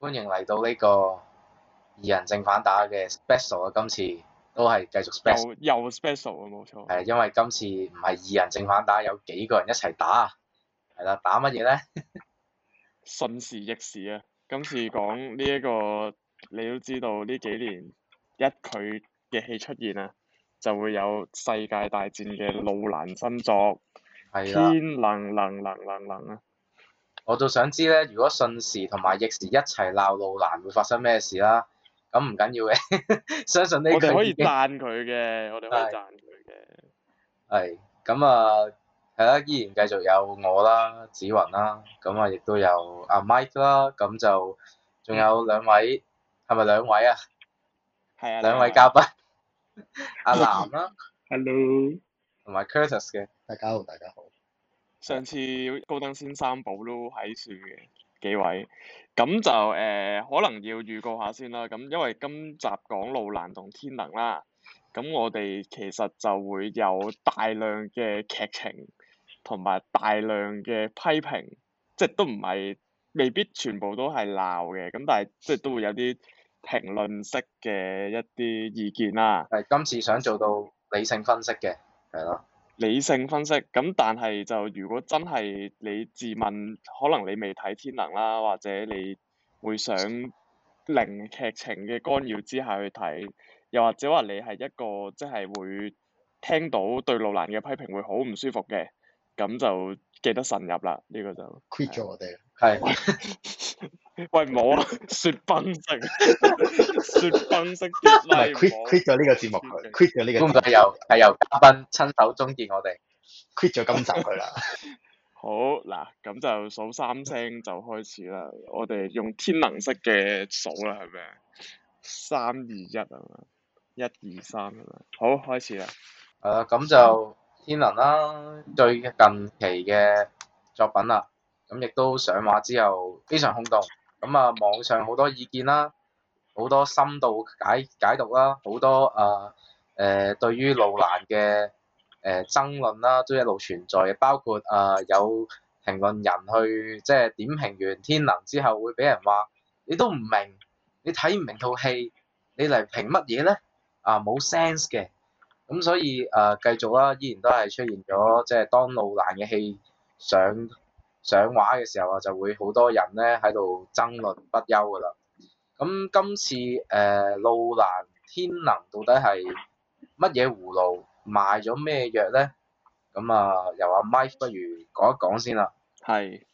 歡迎嚟到呢個二人正反打嘅 special 啊！今次都係繼續 special，又 special 啊，冇錯。係因為今次唔係二人正反打，有幾個人一齊打，係啦，打乜嘢咧？瞬 時逆時啊！今次講呢一個，你都知道呢幾年一佢嘅戲出現啊，就會有世界大戰嘅路蘭新作，的天能能能能能啊！我就想知咧，如果順時同埋逆時一齊鬧路蘭，會發生咩事啦？咁唔緊要嘅， 相信呢個可以贊佢嘅，我哋可以贊佢嘅。係，咁啊，係啦，依然繼續有我啦，子雲啦，咁啊，亦都有阿、啊、Mike 啦，咁就仲有兩位，係咪 兩位啊？係啊，兩位嘉賓，阿嵐啦，Hello，同埋 Curtis 嘅，大家好，大家好。上次高登先生保都喺度嘅幾位，咁就誒、呃、可能要預告下先啦。咁因為今集講路蘭同天能啦，咁我哋其實就會有大量嘅劇情，同埋大量嘅批評，即係都唔係未必全部都係鬧嘅，咁但係即係都會有啲評論式嘅一啲意見啦。係今次想做到理性分析嘅，係咯。理性分析，咁但係就如果真係你自問，可能你未睇天能啦，或者你會想零劇情嘅干擾之下去睇，又或者話你係一個即係、就是、會聽到對路蘭嘅批評會好唔舒服嘅，咁就記得慎入啦，呢、這個就 quit 咗我哋。係。喂，冇啦， 雪崩式、like，雪崩式，唔係 quit quit 咗呢個節目佢，quit 咗呢個節目，都唔使又係由嘉賓親手終結我哋，quit 咗今集佢啦。 好嗱，咁就數三聲就開始啦。 我哋用天能式嘅數啦，係咪？三二一啊嘛，一二三啊嘛，好開始啦。係咁、呃、就天能啦，最近期嘅作品啦，咁亦都上畫之後非常轟動。咁啊，網上好多意見啦，好多深度解解讀啦，好多啊誒、呃、對於路蘭嘅誒、呃、爭論啦，都一路存在，包括啊有評論人去即係點評完天能之後，會俾人話：你都唔明，你睇唔明套戲，你嚟評乜嘢呢？啊冇 sense 嘅。咁所以啊，繼續啦，依然都係出現咗即係當路蘭嘅戲上。想上畫嘅時候啊，就會好多人咧喺度爭論不休噶啦。咁今次誒、呃、路蘭天能到底係乜嘢葫路賣咗咩藥咧？咁啊，又阿 m i 不如講一講先啦。係。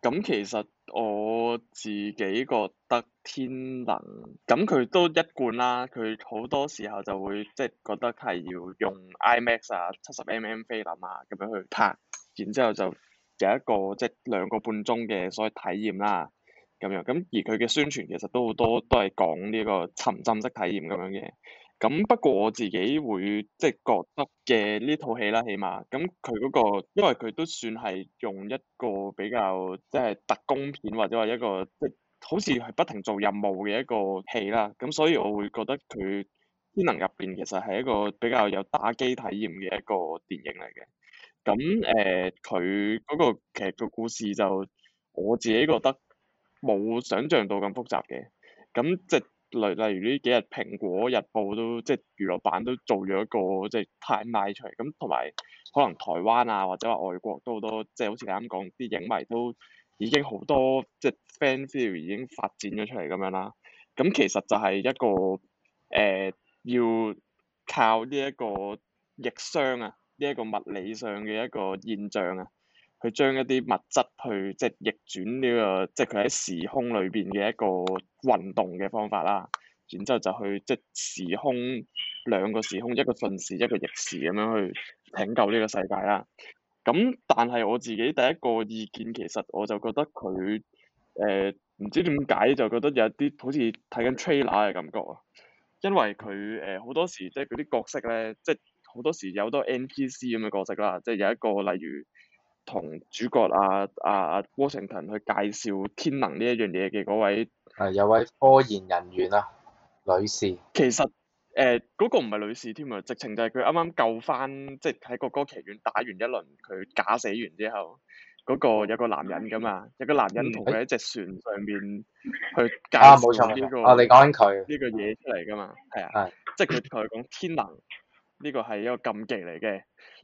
咁其實我自己覺得天能，咁佢都一貫啦，佢好多時候就會即係、就是、覺得係要用 IMAX 啊、七十 mm 菲林啊咁樣去拍，然之後就。有一個即兩個半鐘嘅所謂體驗啦，咁樣咁而佢嘅宣傳其實都好多都係講呢個沉浸式體驗咁樣嘅，咁不過我自己會即覺得嘅呢套戲啦，起碼咁佢嗰個因為佢都算係用一個比較即係、就是、特工片或者話一個即、就是、好似係不停做任務嘅一個戲啦，咁所以我會覺得佢天能入邊其實係一個比較有打機體驗嘅一個電影嚟嘅。咁誒，佢嗰、呃那個劇個故事就我自己覺得冇想像到咁複雜嘅，咁即係例例如呢幾日《蘋果日報》都即係娛樂版都做咗一個即係 timeline 出嚟，咁同埋可能台灣啊或者話外國都好多，即係好似你啱講啲影迷都已經好多即係 fanfare 已經發展咗出嚟咁樣啦，咁其實就係一個誒、呃、要靠呢一個逆商啊～呢一個物理上嘅一個現象啊，佢將一啲物質去即係逆轉呢個，即係佢喺時空裏邊嘅一個運動嘅方法啦。然之後就去即係時空兩個時空，一個順時一個逆時咁樣去拯救呢個世界啦。咁但係我自己第一個意見其實我就覺得佢誒唔知點解就覺得有啲好似睇緊 trailer 嘅感覺啊，因為佢誒好多時即係嗰啲角色咧，即係。好多時有好多 N P C 咁嘅角色啦，即係有一個例如同主角啊啊 Washington 去介紹天能呢一樣嘢嘅嗰位，係有位科研人員啊女士。其實誒，嗰、呃那個唔係女士添啊，直情就係佢啱啱救翻，即係喺個歌劇院打完一輪，佢假死完之後，嗰、那個有個男人噶嘛，有個男人同佢喺隻船上面去介紹呢、這個，哦、嗯哎啊啊、你講緊佢呢個嘢出嚟噶嘛，係啊，是即係佢同佢講天能。呢個係一個禁忌嚟嘅，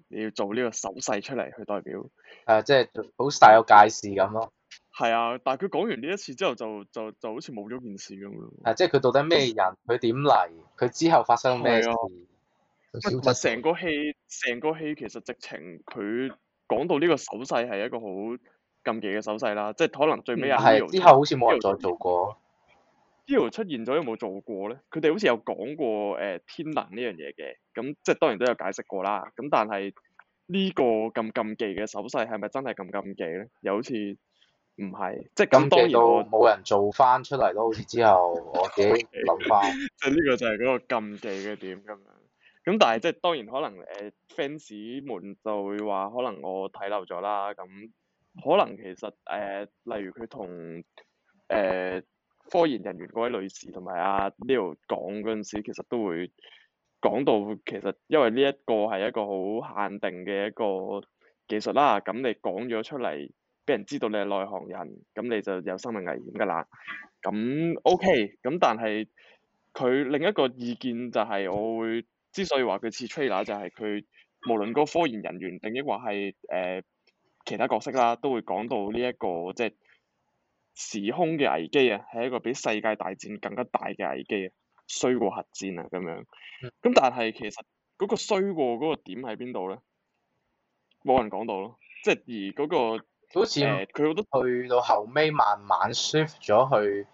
你要做呢個手勢出嚟去代表。誒、啊，即係好大有介事咁咯。係啊，但係佢講完呢一次之後就，就就就好似冇咗件事咁咯。誒、啊，即係佢到底咩人？佢點嚟？佢之後發生咩事？成個戲，成個戲其實直情佢講到呢個手勢係一個好禁忌嘅手勢啦，即係可能最尾又係之後好似冇人再做過。之後出現咗有冇做過咧？佢哋好似有講過誒、呃、「天能」呢樣嘢嘅，咁即係當然都有解釋過啦。咁但係呢個咁禁，禁忌嘅手勢係咪真係咁禁，禁忌咧？又好似唔係，即係咁當然冇人做翻出嚟咯。好似 之後我自己諗翻，即係呢個就係嗰個禁忌嘅點咁樣。咁但係即係當然可能誒 fans、呃、們就會話，可能我睇漏咗啦。咁可能其實誒、呃，例如佢同誒。呃科研人員嗰位女士同埋阿 Leo 講嗰陣時，其實都會講到其實，因為呢一個係一個好限定嘅一個技術啦。咁你講咗出嚟，俾人知道你係內行人，咁你就有生命危險㗎啦。咁 OK，咁但係佢另一個意見就係，我會之所以話佢似 trailer 就係佢無論個科研人員定抑或係誒其他角色啦，都會講到呢、這、一個即係。就是時空嘅危機啊，係一個比世界大戰更加大嘅危機啊，衰過核戰啊咁樣。咁但係其實嗰個衰過嗰個點喺邊度咧？冇人講到咯，即係而嗰、嗰個，好似佢都去到後尾慢慢 shift 咗去，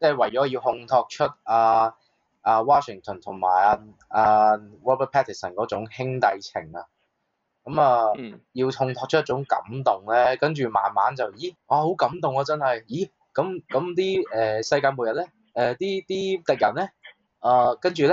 即係為咗要烘托出啊阿、uh, uh, Washington 同埋啊阿 Robert Pattinson 嗰種兄弟情啊。咁啊，嗯嗯、要烘托出一種感動咧，跟住慢慢就，咦，啊，好感動啊，真係，咦，咁咁啲誒世界末日咧，誒啲啲敵人咧，啊、呃，跟住咧，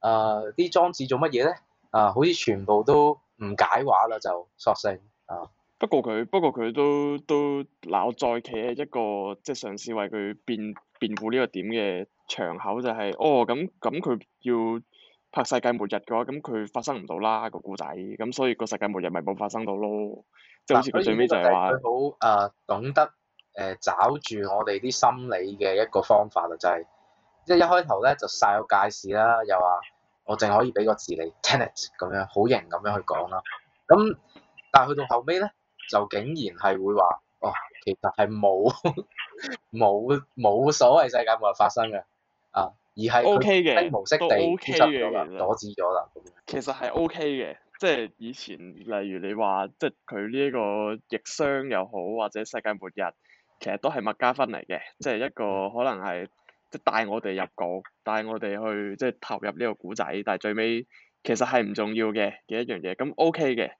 啊、呃、啲裝置做乜嘢咧，啊、呃，好似全部都唔解話啦，就索性，啊，不過佢不過佢都都嗱我再企喺一個，即、就、係、是、嘗試為佢辯辯護呢個點嘅場口就係、是，哦，咁咁佢要。拍世界末日嘅話，咁佢發生唔到啦個故仔，咁所以個世界末日咪冇發生到咯，即係好似佢最尾就係話，佢好誒懂得誒找、呃、住我哋啲心理嘅一個方法啦，就係即係一開頭咧就晒個介紹啦，又話我淨可以俾個字你 Tenet 咁樣好型咁樣去講啦，咁、嗯、但係去到後尾咧，就竟然係會話，哦，其實係冇冇冇所謂世界末日發生嘅啊！而係佢模式地阻止咗啦，其實係 O K 嘅，即係以前例如你話，即係佢呢一個疫商又好，或者世界末日，其實都係麥高芬嚟嘅，即係一個可能係即係帶我哋入局，帶我哋去即係投入呢個古仔，但係最尾其實係唔重要嘅嘅一樣嘢，咁 O K 嘅，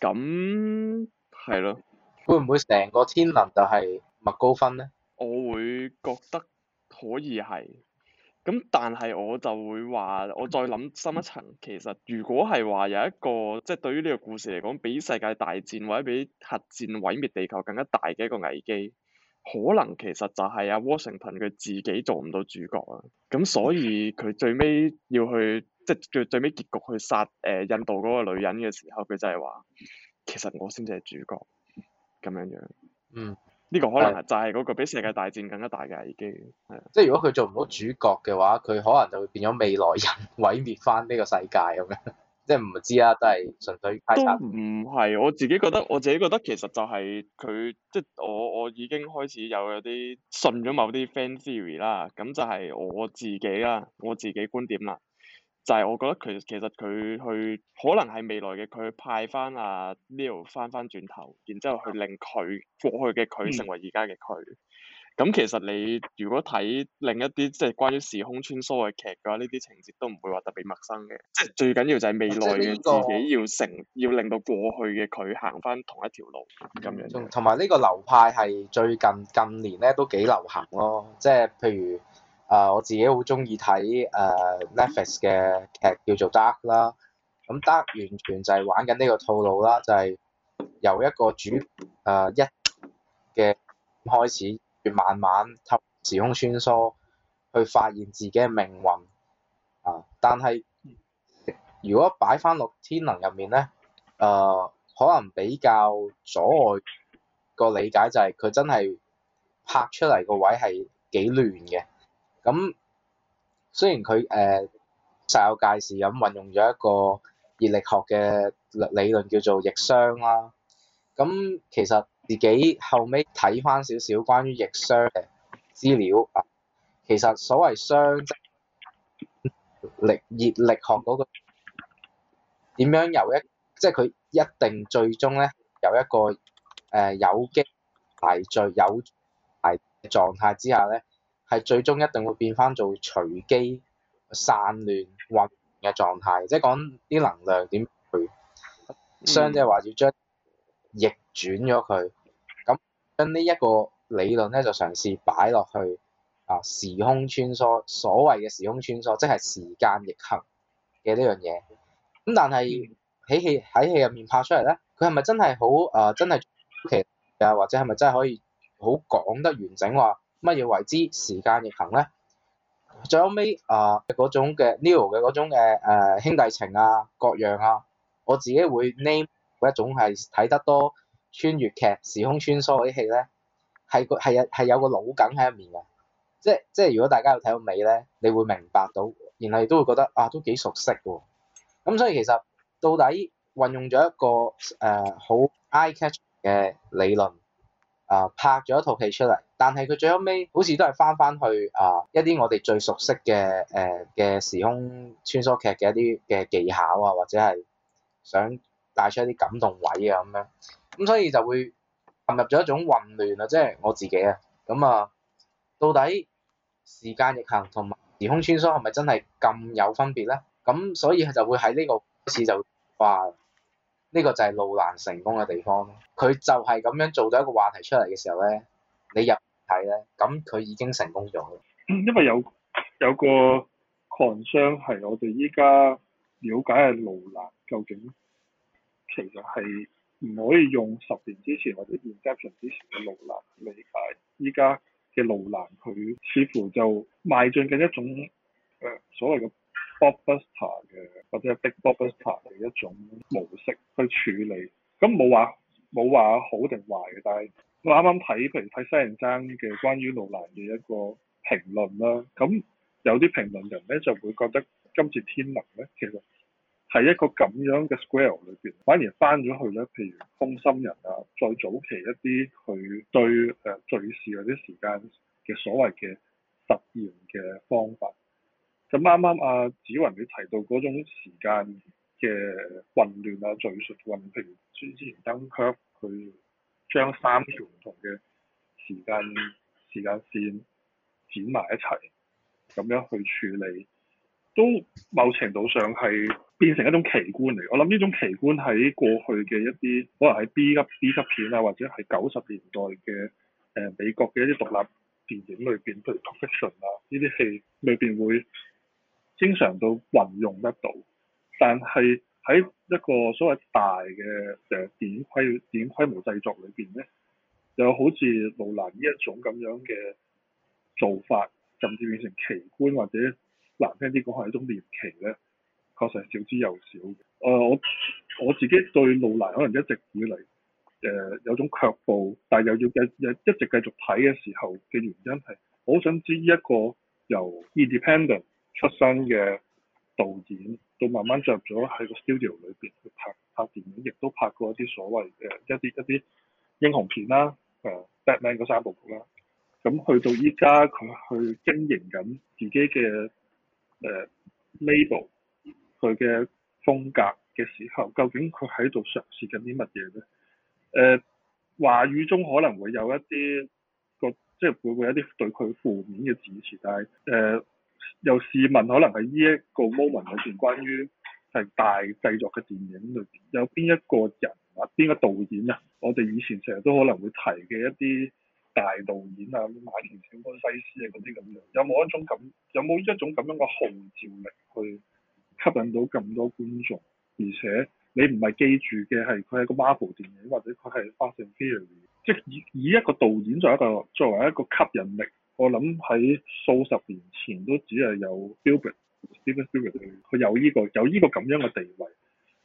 咁係咯，會唔會成個天能就係麥高芬呢？我會覺得可以係。咁但係我就會話，我再諗深一層，其實如果係話有一個，即係對於呢個故事嚟講，比世界大戰或者比核戰毀滅地球更加大嘅一個危機，可能其實就係阿、啊、Washington 佢自己做唔到主角啊，咁所以佢最尾要去，即係最最尾結局去殺誒、呃、印度嗰個女人嘅時候，佢就係話，其實我先至係主角，咁樣樣。嗯。呢個可能就係嗰個比世界大戰更加大嘅危機，即係如果佢做唔到主角嘅話，佢可能就會變咗未來人毀滅翻呢個世界咁樣， 即係唔知啊，真係純粹拍。都唔係，我自己覺得，我自己覺得其實就係佢，即係我我已經開始有有啲信咗某啲 fan theory 啦，咁就係我自己啦，我自己觀點啦。就係我覺得其實其實佢去可能係未來嘅佢派翻啊 Leo 翻翻轉頭，然之後去令佢過去嘅佢成為而家嘅佢。咁、嗯、其實你如果睇另一啲即係關於時空穿梭嘅劇嘅話，呢啲情節都唔會話特別陌生嘅。即係最緊要就係未來自己要成、這個、要令到過去嘅佢行翻同一條路咁樣。同埋呢個流派係最近近年咧都幾流行咯，即係譬如。啊！Uh, 我自己好中意睇誒 Netflix 嘅劇，叫做《Dark》啦。咁《Dark》完全就係玩緊呢個套路啦，就係、是、由一個主誒、uh, 一嘅開始，慢慢吸時空穿梭，去發現自己嘅命運啊。Uh, 但係如果擺翻落天能入面咧，誒、uh, 可能比較阻礙個理解就係佢真係拍出嚟個位係幾亂嘅。咁雖然佢誒實有界時咁運用咗一個熱力學嘅理論叫做逆熵啦，咁其實自己後尾睇翻少少關於逆熵嘅資料啊，其實所謂熵力熱力學嗰個點樣由一即係佢一定最終咧由一個誒、呃、有機排序有大狀態之下咧。係最終一定會變返做隨機散亂混嘅狀態，即係講啲能量點去，相即係話要將逆轉咗佢，咁將呢一個理論咧就嘗試擺落去啊時空穿梭，所謂嘅時空穿梭，即係時間逆行嘅呢樣嘢。咁但係喺戲喺戲入面拍出嚟咧，佢係咪真係好啊、呃？真係奇啊！或者係咪真係可以好講得完整話？乜嘢為之時間逆行咧？最後尾啊，嗰、呃、種嘅 Neo 嘅嗰種誒、呃、兄弟情啊，各樣啊，我自己會 name 嗰一種係睇得多穿越劇、時空穿梭嗰啲戲咧，係個係啊係有個腦梗喺入面嘅，即係即係如果大家有睇到尾咧，你會明白到，然後亦都會覺得啊都幾熟悉喎。咁所以其實到底運用咗一個誒、呃、好 eye catch 嘅理論啊、呃，拍咗一套戲出嚟。但係佢最後尾好似都係翻翻去啊一啲我哋最熟悉嘅誒嘅時空穿梭劇嘅一啲嘅技巧啊，或者係想帶出一啲感動位啊咁樣，咁所以就會陷入咗一種混亂啊！即係我自己啊，咁啊到底時間逆行同埋時空穿梭係咪真係咁有分別咧？咁所以就會喺呢個開始就話呢個就係路蘭成功嘅地方，佢就係咁樣做到一個話題出嚟嘅時候咧，你入。係啦，咁佢已經成功咗。因為有有個 concern 係我哋依家了解嘅路蘭，究竟其實係唔可以用十年之前或者 inception 之前嘅路蘭理解，依家嘅路蘭佢似乎就邁進緊一種誒所謂嘅 blockbuster 嘅或者係 big blockbuster 嘅一種模式去處理。咁冇話冇話好定壞嘅，但係。我啱啱睇，譬如睇西人爭嘅關於路蘭嘅一個評論啦，咁有啲評論人咧就會覺得今次天能咧，其實係一個咁樣嘅 square 裏邊，反而返咗去咧，譬如風心人啊，再早期一啲佢對誒敘事嗰啲時間嘅所謂嘅實驗嘅方法，咁啱啱阿子雲你提到嗰種時間嘅混亂啊，敘述混，譬如之前登卻佢。將三條唔同嘅時間時間線剪埋一齊，咁樣去處理，都某程度上係變成一種奇觀嚟。我諗呢種奇觀喺過去嘅一啲，可能喺 B 級 B 級片啊，或者係九十年代嘅誒、呃、美國嘅一啲獨立電影裏邊，譬如《Pulp Fiction》啊呢啲戲裏邊會經常都運用得到，但係。喺一個所謂大嘅誒電影規電影規模製作裏邊咧，就好似路蘭呢一種咁樣嘅做法，甚至變成奇觀或者難聽啲講係一種獵奇咧，確實少之又少嘅。誒、呃，我我自己對路蘭可能一直以嚟誒有種卻步，但係又要繼一直繼續睇嘅時候嘅原因係，我好想知一個由 Independent 出身嘅導演。到慢慢着咗喺個 studio 裏邊去拍拍電影，亦都拍過一啲所謂嘅一啲一啲英雄片啦，誒、uh, Batman 嗰三部曲啦。咁、uh, 去到依家佢去經營緊自己嘅誒、uh, label，佢嘅風格嘅時候，究竟佢喺度嘗試緊啲乜嘢咧？誒、uh, 話語中可能會有一啲個，即、就、係、是、會有一啲對佢負面嘅字詞，但係誒。Uh, 又試問，可能係呢一個 moment 裏邊，關於係大製作嘅電影裏邊，有邊一個人或、邊個導演啊？我哋以前成日都可能會提嘅一啲大導演啊，馬田史高西斯啊嗰啲咁樣，有冇一種咁？有冇一種咁樣嘅號召力去吸引到咁多觀眾？而且你唔係記住嘅係佢係個 Marvel 電影，或者佢係《X Men》之類，即係以以一個導演作為一個作為一個吸引力。我諗喺數十年前都只係有 Spielberg Stephen Spielberg，佢有呢個有呢個咁樣嘅地位，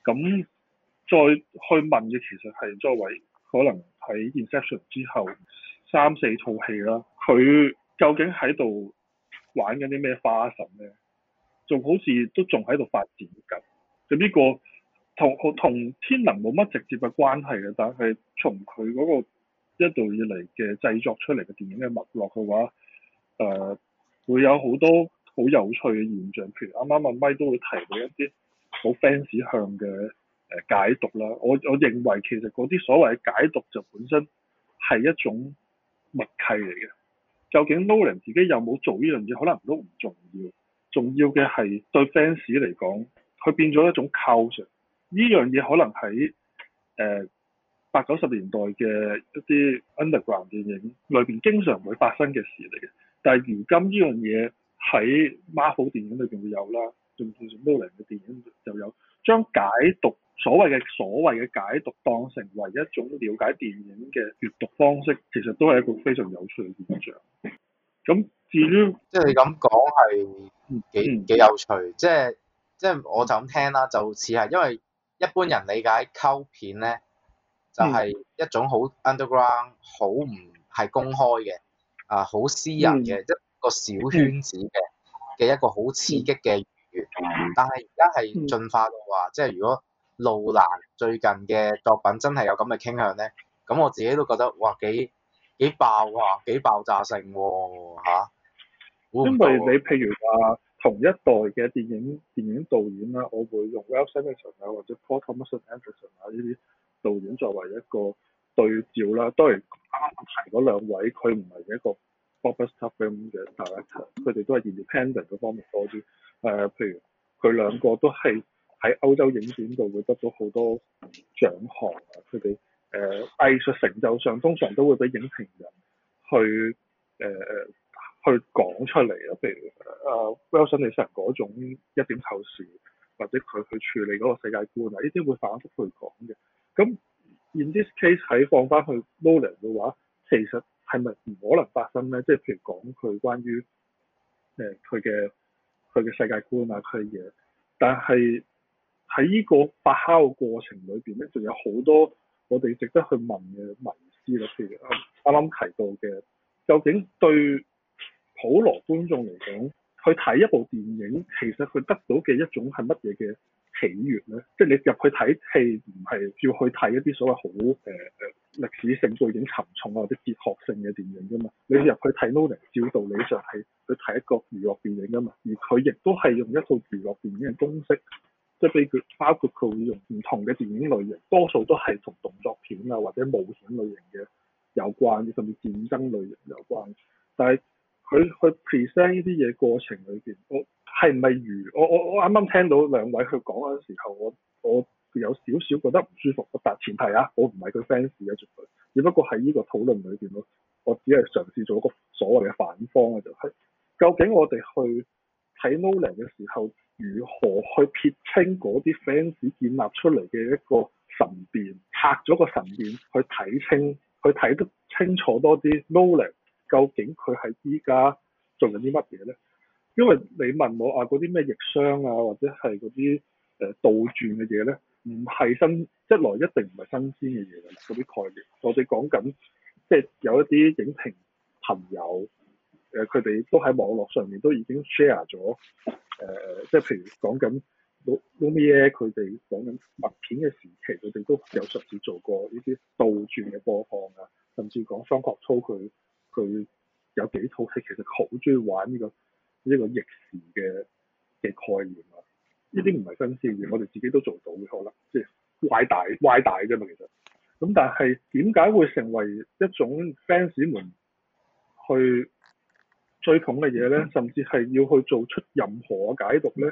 咁再去問嘅其實係作為可能喺 Inception 之後三四套戲啦，佢究竟喺度玩緊啲咩花臣咧？仲好似都仲喺度發展緊，就呢個同同天能冇乜直接嘅關係嘅，但係從佢嗰個。一度以嚟嘅製作出嚟嘅電影嘅脈絡嘅話，誒、呃、會有好多好有趣嘅現象。譬如啱啱阿 Mike 都會提到一啲好 fans 向嘅誒解讀啦。我我認為其實嗰啲所謂解讀就本身係一種默契嚟嘅。究竟 Nolan 自己有冇做呢樣嘢，可能都唔重要。重要嘅係對 fans 嚟講，佢變咗一種 culture。呢樣嘢可能喺誒，呃八九十年代嘅一啲 underground 電影裏邊經常會發生嘅事嚟嘅，但係如今呢樣嘢喺 Marvel 電影裏邊會有啦，甚至於 Nolan 嘅電影就有將解讀所謂嘅所謂嘅解讀當成為一種了解電影嘅閱讀方式，其實都係一個非常有趣嘅現象。咁至於即係你咁講係幾幾有趣，嗯、即係即係我就咁聽啦，就似係因為一般人理解溝片咧。就係一種好 underground、好唔係公開嘅啊，好私人嘅、嗯、一個小圈子嘅嘅、嗯、一個好刺激嘅，但係而家係進化到話，即係如果路蘭最近嘅作品真係有咁嘅傾向咧，咁我自己都覺得哇幾幾爆啊，幾爆炸性喎、啊、嚇。啊、因為你譬如話同一代嘅電影電影導演啦、啊，我會用 Well Simpson 啊，或者 Paul Thomas Anderson 啊呢啲。導演作為一個對照啦，當然啱啱提嗰兩位，佢唔係一個 blockbuster 嘅 director，佢哋都係 independent 嗰方面多啲。誒、呃，譬如佢兩個都係喺歐洲影展度會得到好多獎項啊！佢哋誒藝術成就上，通常都會俾影評人去誒、呃、去講出嚟啊。譬如誒 Wes Anderson 嗰種一點透視，或者佢去處理嗰個世界觀啊，呢啲會反覆去講嘅。咁，in this case 喺放翻去 Nolan 嘅話，其實係咪唔可能發生咧？即係譬如講佢關於誒佢嘅佢嘅世界觀啊，佢嘅嘢。但係喺呢個發酵過程裏邊咧，仲有好多我哋值得去問嘅迷思咯。譬如啱啱提到嘅，究竟對普羅觀眾嚟講，去睇一部電影，其實佢得到嘅一種係乜嘢嘅？起源咧，即係你入去睇戲唔係要去睇一啲所謂好誒誒歷史性背景沉重啊或者哲學性嘅電影㗎嘛，你入去睇《Noah》照道理上係去睇一個娛樂電影㗎嘛，而佢亦都係用一套娛樂電影嘅公式，即係譬如包括佢會用唔同嘅電影類型，多數都係同動作片啊或者冒險類型嘅有關，甚至戰爭類型有關。但係佢去 present 呢啲嘢過程裏邊，都。係唔係如我我我啱啱聽到兩位佢講嗰陣時候，我我有少少覺得唔舒服。但前提啊，我唔係佢 fans 嘅，只不過喺呢個討論裏邊咯，我只係嘗試做一個所謂嘅反方嘅就係、是，究竟我哋去睇 Nolan 嘅時候，如何去撇清嗰啲 fans 建立出嚟嘅一個神殿？拆咗個神殿去睇清，去睇得清楚多啲 Nolan 究竟佢喺依家做緊啲乜嘢咧？因為你問我啊，嗰啲咩逆商啊，或者係嗰啲誒倒轉嘅嘢咧，唔係新一來一定唔係新鮮嘅嘢啦。啲概念，我哋講緊即係有一啲影評朋友誒，佢、呃、哋都喺網絡上面都已經 share 咗誒、呃，即係譬如講緊 Lumière 佢哋講緊默片嘅時期，佢哋都有嘗試做過呢啲倒轉嘅播放啊。甚至講方國超佢佢有幾套戲其實好中意玩呢、這個。呢個逆時嘅嘅概念啊，呢啲唔係新鮮嘅，我哋自己都做到嘅，可能即係壞大壞大啫嘛，其實。咁但係點解會成為一種 fans 們去追捧嘅嘢咧？甚至係要去做出任何解讀咧？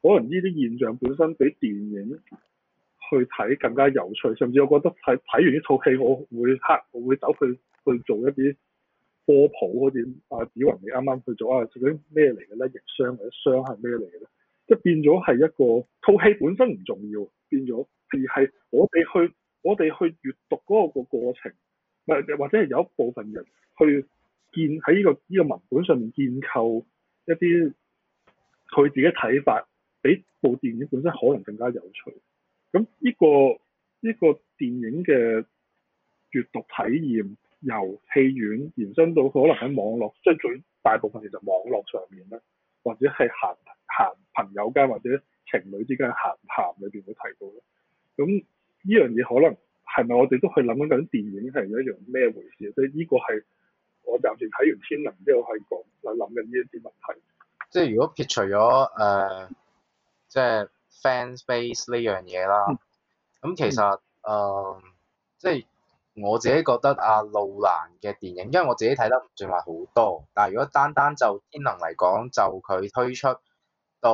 可能呢啲現象本身比電影去睇更加有趣，甚至我覺得睇睇完呢套戲，我會黑，我會走去去做一啲科普好似啊，子雲你啱啱去咗啊，究竟咩嚟嘅咧？營商或者商係咩嚟嘅咧？即係變咗係一個套戲本身唔重要，變咗而係我哋去我哋去閱讀嗰個過程，唔或者係有一部分人去建喺呢個呢個文本上面建構一啲佢自己睇法，比部電影本身可能更加有趣。咁呢個呢個電影嘅閱讀體驗。由戲院延伸到可能喺網絡，即係最大部分其實網絡上面咧，或者係閒閒朋友間或者情侶之間閒談裏邊會提到咧。咁呢樣嘢可能係咪我哋都去諗緊電影係一樣咩回事啊？即係呢個係我暫時睇完《天能》之後係講，係諗緊呢一啲問題。即係如果撇除咗誒，即係 fans base 呢樣嘢啦，咁其實誒，即係。我自己覺得啊，路蘭嘅電影，因為我自己睇得唔算話好多，但係如果單單就天能嚟講，就佢推出到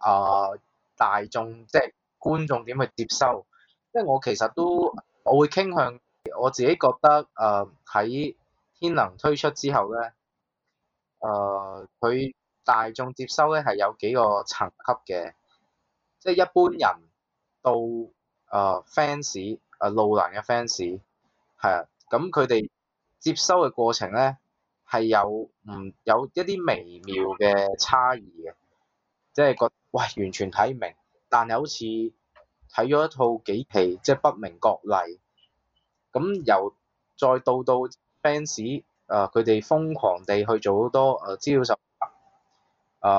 啊、呃、大眾即係、就是、觀眾點去接收，即係我其實都我會傾向我自己覺得啊喺、呃、天能推出之後咧，誒、呃、佢大眾接收咧係有幾個層級嘅。即、就、係、是、一般人到啊 fans 啊路蘭嘅 fans。係啊，咁佢哋接收嘅過程咧係有唔有一啲微妙嘅差異嘅，即係覺得喂完全睇唔明，但好似睇咗一套幾期即係不明覺厲，咁由再到到 fans，誒、呃、佢哋瘋狂地去做好多誒資料搜集，誒、啊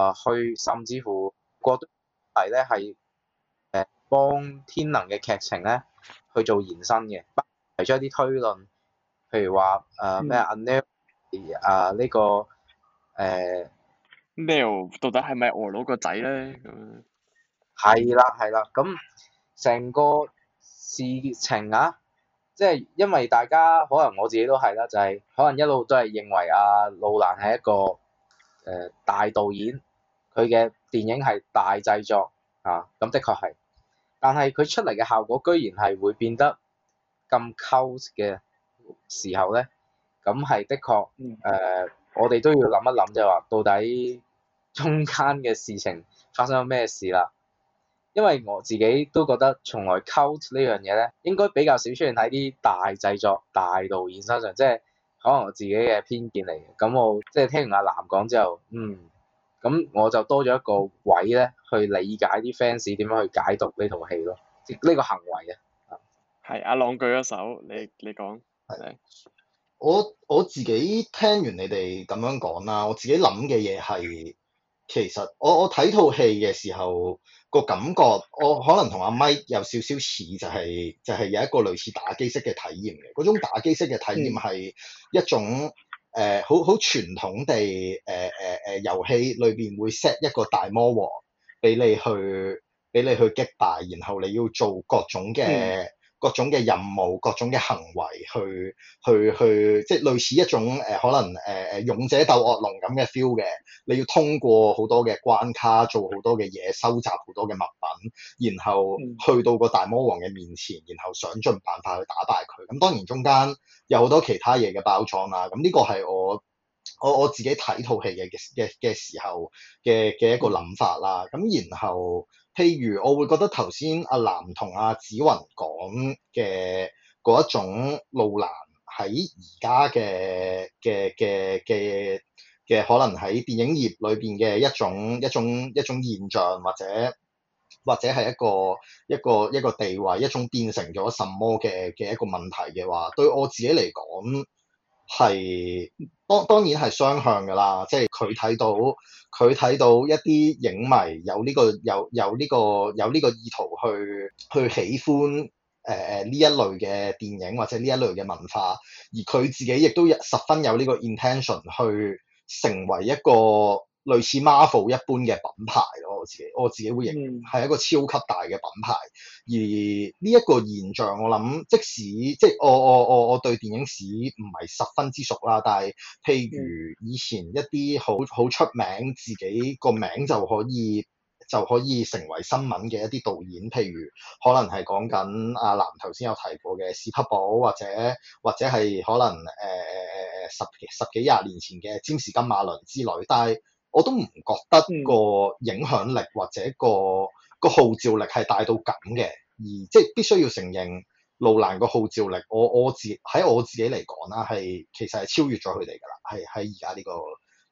啊、去甚至乎過題咧係誒幫天能嘅劇情咧去做延伸嘅。提出一啲推論，譬如話誒咩阿 Neil 誒，呢個誒咩、啊，到底係咪俄佬個仔咧？咁係啦係啦，咁成、嗯、個事情啊，即係因為大家可能我自己都係啦，就係、是、可能一路都係認為阿、啊、路蘭係一個誒、呃、大導演，佢嘅電影係大製作啊，咁、嗯、的確係，但係佢出嚟嘅效果居然係會變得。咁 cult 嘅時候呢，咁係的確誒、mm. 呃，我哋都要諗一諗，就係話到底中間嘅事情發生咗咩事啦。因為我自己都覺得，從來 cult 呢樣嘢呢，應該比較少出現喺啲大製作、大導演身上，即係可能我自己嘅偏見嚟嘅。咁我即係聽完阿嵐講之後，嗯，咁我就多咗一個位呢，去理解啲 fans 點樣去解讀呢套戲咯，即呢個行為啊。係，阿朗舉一手，你，你講。係係。嗯、我我自己聽完你哋咁樣講啦，我自己諗嘅嘢係，其實我我睇套戲嘅時候，個感覺，我可能同阿 Mike 有少少似，就係、係、就係、係、有一個類似打機式嘅體驗嘅。嗰種打機式嘅體驗係一種誒好好傳統地誒誒誒遊戲裏邊會 set 一個大魔王俾你去俾你去擊敗，然後你要做各種嘅。嗯各種嘅任務、各種嘅行為去，去去去，即係類似一種誒、呃，可能誒誒、呃、勇者鬥惡龍咁嘅 feel 嘅。你要通過好多嘅關卡，做好多嘅嘢，收集好多嘅物品，然後去到個大魔王嘅面前，然後想盡辦法去打敗佢。咁當然中間有好多其他嘢嘅包裝啦。咁呢個係我我我自己睇套戲嘅嘅嘅時候嘅嘅一個諗法啦。咁然後。譬如我會覺得頭先阿嵐同阿子雲講嘅嗰一種路蘭喺而家嘅嘅嘅嘅嘅可能喺電影業裏邊嘅一種一種一種現象，或者或者係一個一個一個地位一種變成咗什麼嘅嘅一個問題嘅話，對我自己嚟講，係，當當然係雙向㗎啦，即係佢睇到佢睇到一啲影迷有呢個有有呢個有呢個意圖去去喜歡誒誒呢一類嘅電影或者呢一類嘅文化，而佢自己亦都有十分有呢個 intention 去成為一個。類似 Marvel 一般嘅品牌咯，我自己我自己會認係一個超級大嘅品牌。嗯、而呢一個現象，我諗即使即係我我我我，我對電影史唔係十分之熟啦，但係譬如以前一啲好好出名，自己個名就可以就可以成為新聞嘅一啲導演，譬如可能係講緊阿嵐頭先有提過嘅史匹堡，或者或者係可能誒誒誒十十幾廿年前嘅詹士金馬倫之類，但係。我都唔覺得個影響力或者個個號召力係大到咁嘅，而即係必須要承認路蘭個號召力我，我我自喺我自己嚟講啦，係其實係超越咗佢哋噶啦，係喺而家呢個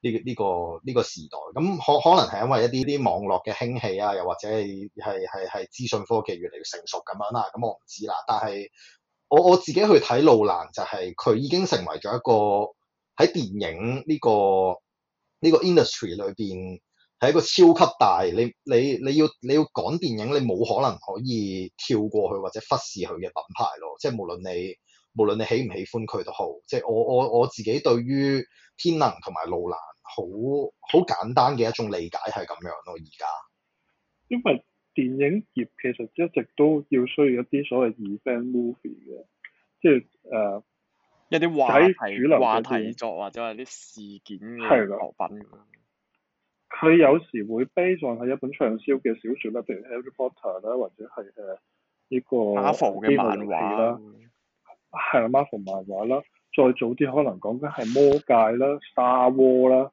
呢個呢個呢個時代咁可可能係因為一啲啲網絡嘅興起啊，又或者係係係係資訊科技越嚟越成熟咁樣啦，咁我唔知啦，但係我我自己去睇路蘭就係佢已經成為咗一個喺電影呢個。呢個 industry 裏邊係一個超級大，你你你要你要講電影，你冇可能可以跳過去或者忽視佢嘅品牌咯。即係無論你無論你喜唔喜歡佢都好，即係我我我自己對於天能同埋路蘭好好簡單嘅一種理解係咁樣咯、啊。而家因為電影業其實一直都要需要一啲所謂 Event Movie 嘅，即係誒。Uh, 有啲話題主流話題作或者係啲事件嘅作品，佢有時會悲壯喺一本暢銷嘅小説啦，譬如 Harry Potter 啦，或者係誒呢個 Marvel 嘅漫畫啦，係 Marvel 漫畫啦。再早啲可能講緊係魔界啦、沙窩啦，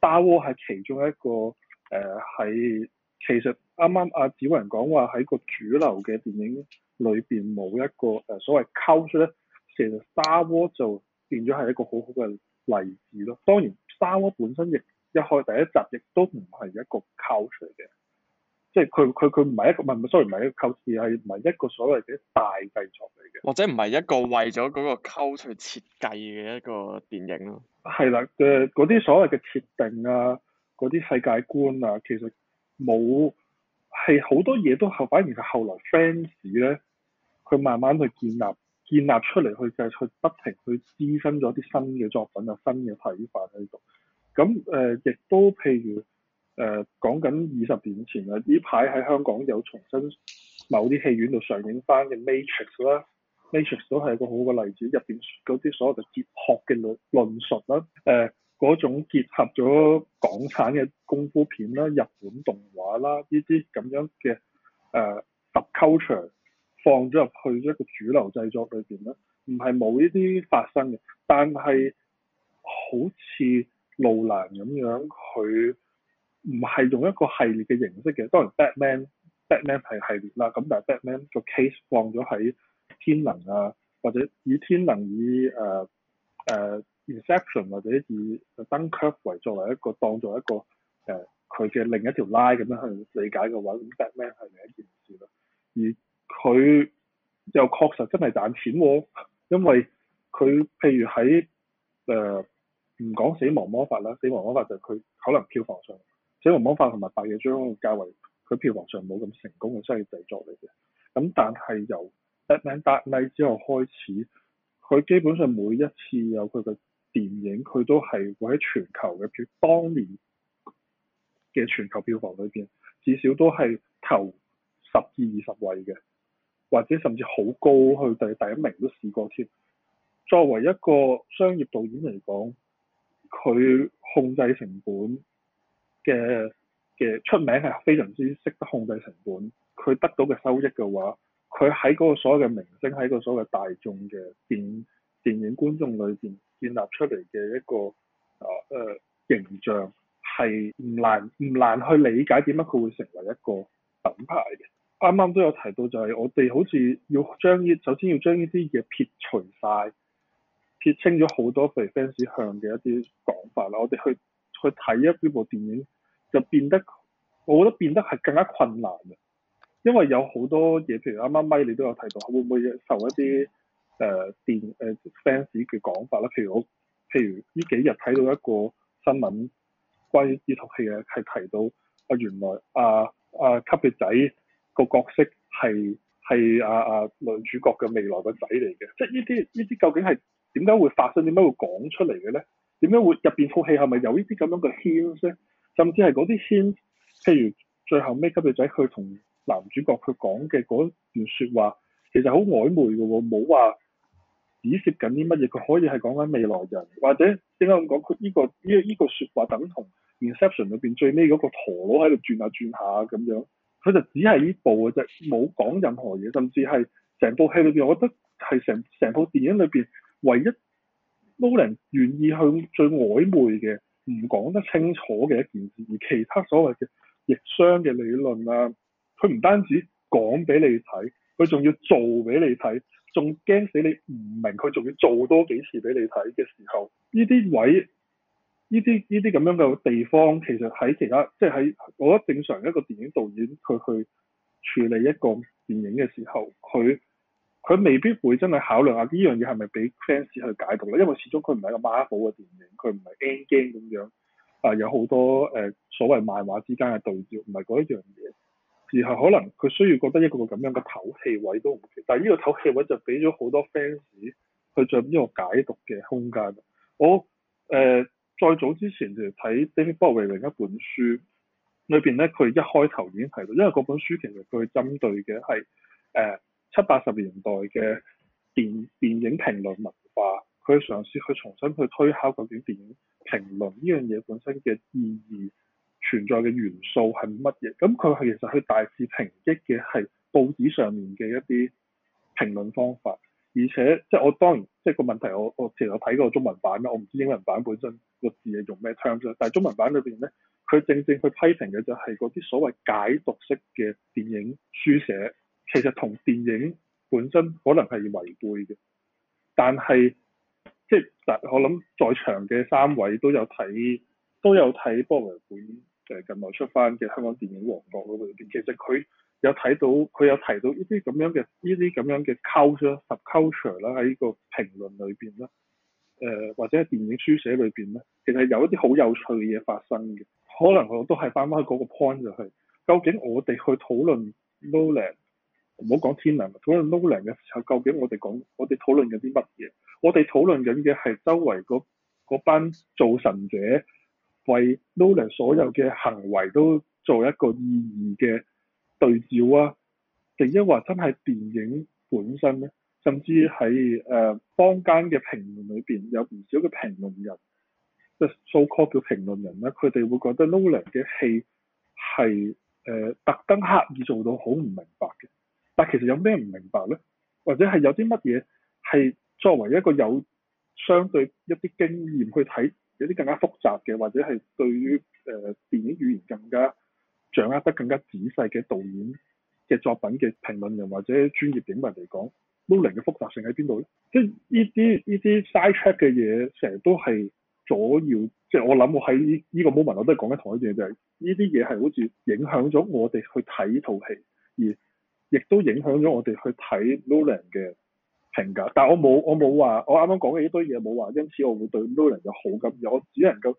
沙窩係其中一個誒，係、呃、其實啱啱阿子雲人講話喺個主流嘅電影裏邊冇一個誒、呃、所謂溝出咧。其實 Star Wars 就變咗係一個好好嘅例子咯。當然 Star Wars 本身亦一開第一集亦都唔係一個 culture 嘅，即係佢佢佢唔係一個唔係 sorry 唔係一個 culture 係唔係一個所謂嘅大製作嚟嘅，或者唔係一個為咗嗰個 culture 設計嘅一個電影咯。係啦，誒嗰啲所謂嘅設定啊，嗰啲世界觀啊，其實冇係好多嘢都後反而係後來 fans 咧，佢慢慢去建立。建立出嚟去，就係去不停去滋生咗啲新嘅作品啊，新嘅睇法喺度。咁誒，亦、呃、都譬如誒、呃、講緊二十年前啊，呢排喺香港有重新某啲戲院度上映翻嘅 Matrix 啦，Matrix 都係一個好嘅例子。入邊嗰啲所謂嘅哲學嘅論論述啦，誒、呃、嗰種結合咗港產嘅功夫片啦、日本動畫啦，呢啲咁樣嘅誒十放咗入去一個主流製作裏邊咧，唔係冇呢啲發生嘅，但係好似路蘭咁樣，佢唔係用一個系列嘅形式嘅。當然 Batman，Batman 係系列啦，咁但係 Batman 個 case 放咗喺天能啊，或者以天能以誒誒、uh, uh, Inception 或者以 The Dark Knight 為作為一個當做一個誒佢嘅另一條 line 咁樣去理解嘅話，咁 Batman 係另一件事咯，而佢又確實真係賺錢喎，因為佢譬如喺誒唔講死亡魔法啦，死亡魔法就係佢可能票房上，死亡魔法同埋白夜追兇較為佢票房上冇咁成功嘅商業製作嚟嘅。咁但係由《Dark Knight》之後開始，佢基本上每一次有佢嘅電影，佢都係會喺全球嘅票，當年嘅全球票房裏邊，至少都係頭十至二十位嘅。或者甚至好高去第、第一名都試過添。作為一個商業導演嚟講，佢控制成本嘅、嘅出名係非常之識得控制成本。佢得到嘅收益嘅話，佢喺個所有嘅明星喺個所謂大眾嘅電、電影觀眾裏邊建立出嚟嘅一個誒誒、呃、形象係唔難、唔難去理解點解佢會成為一個品牌嘅。啱啱都有提到，就係我哋好似要將呢，首先要將呢啲嘢撇除晒，撇清咗好多肥 fans 向嘅一啲講法啦。我哋去去睇一呢部電影，就變得我覺得變得係更加困難嘅，因為有好多嘢，譬如啱啱 Mike 你都有提到，會唔會受一啲誒、呃、電誒 fans 嘅講法咧？譬如我譬如呢幾日睇到一個新聞，關於呢套戲嘅係提到啊，原來啊啊吸血仔。個角色係係啊啊女主角嘅未來個仔嚟嘅，即係呢啲呢啲究竟係點解會發生？點解會講出嚟嘅咧？點解會入邊套戲係咪有這這呢啲咁樣嘅 hint 咧？甚至係嗰啲 hint，譬如最後尾級別仔佢同男主角佢講嘅嗰段說話，其實好曖昧嘅喎、哦，冇話指涉緊啲乜嘢，佢可以係講緊未來人，或者點解咁講？佢、這、呢個呢呢、這個說、這個、話等同 Inception 裏邊最尾嗰個陀螺喺度轉下轉下咁樣。佢就只係呢部嘅啫，冇講任何嘢，甚至係成部戲裏邊，我覺得係成成部電影裏邊唯一路蘭願意去最曖昧嘅，唔講得清楚嘅一件事，而其他所謂嘅逆商嘅理論啊，佢唔單止講俾你睇，佢仲要做俾你睇，仲驚死你唔明，佢仲要做多幾次俾你睇嘅時候，呢啲位。呢啲呢啲咁樣嘅地方，其實喺其他即係喺我覺得正常一個電影導演佢去處理一個電影嘅時候，佢佢未必會真係考慮下呢樣嘢係咪俾 fans 去解讀啦，因為始終佢唔係一個 Marvel 嘅電影，佢唔係 Endgame 咁樣啊，有好多誒、呃、所謂漫畫之間嘅對照，唔係嗰一樣嘢，而係可能佢需要覺得一個咁樣嘅唞氣位都唔錯，但係呢個唞氣位就俾咗好多 fans 去做呢個解讀嘅空間。我誒。呃再早之前就睇 David Bordwell 另一本書裏邊咧，佢一開頭已經提到，因為本書其實佢針對嘅係誒七八十年代嘅電電影評論文化，佢嘗試去重新去推敲究竟電影評論呢樣嘢本身嘅意義存在嘅元素係乜嘢？咁佢係其實佢大致抨擊嘅係報紙上面嘅一啲評論方法。而且即係我當然即係個問題我，我我其實睇過中文版啦，我唔知英文版本身個字係用咩 term 啫。但係中文版裏邊咧，佢正正去批評嘅就係嗰啲所謂解讀式嘅電影書寫，其實同電影本身可能係違背嘅。但係即係但我諗在場嘅三位都有睇都有睇波維本誒，近來出翻嘅《香港電影王國》裡嗰部其實佢。有睇到佢有提到呢啲咁樣嘅呢啲咁樣嘅 culture subculture 啦，喺個評論裏邊咧，誒、呃、或者係電影書寫裏邊咧，其實有一啲好有趣嘅嘢發生嘅。可能我都係翻返去嗰個 point 就係，究竟我哋去討論 Nolan，唔好講天能，討論 Nolan 嘅時候，究竟我哋講，我哋討論緊啲乜嘢？我哋討論緊嘅係周圍嗰班造神者為 Nolan 所有嘅行為都做一個意義嘅。對照啊，定一話真係電影本身咧，甚至喺誒坊間嘅評論裏邊，有唔少嘅評論人，即係數科嘅評論人咧，佢哋會覺得 n o l a 嘅戲係誒特登刻意做到好唔明白嘅。但其實有咩唔明白咧？或者係有啲乜嘢係作為一個有相對一啲經驗去睇有啲更加複雜嘅，或者係對於誒、呃、電影語言更加？掌握得更加仔細嘅導演嘅作品嘅評論人或者專業影評人嚟講，路蘭嘅複雜性喺邊度咧？即係依啲依啲 side check 嘅嘢，成日都係阻擾。即係我諗、就是，我喺呢個 moment，我都係講緊同一樣嘢，就係呢啲嘢係好似影響咗我哋去睇套戲，而亦都影響咗我哋去睇路蘭嘅評價。但係我冇我冇話，我啱啱講嘅呢堆嘢冇話，因此我會對路蘭有好感嘅。我只能夠。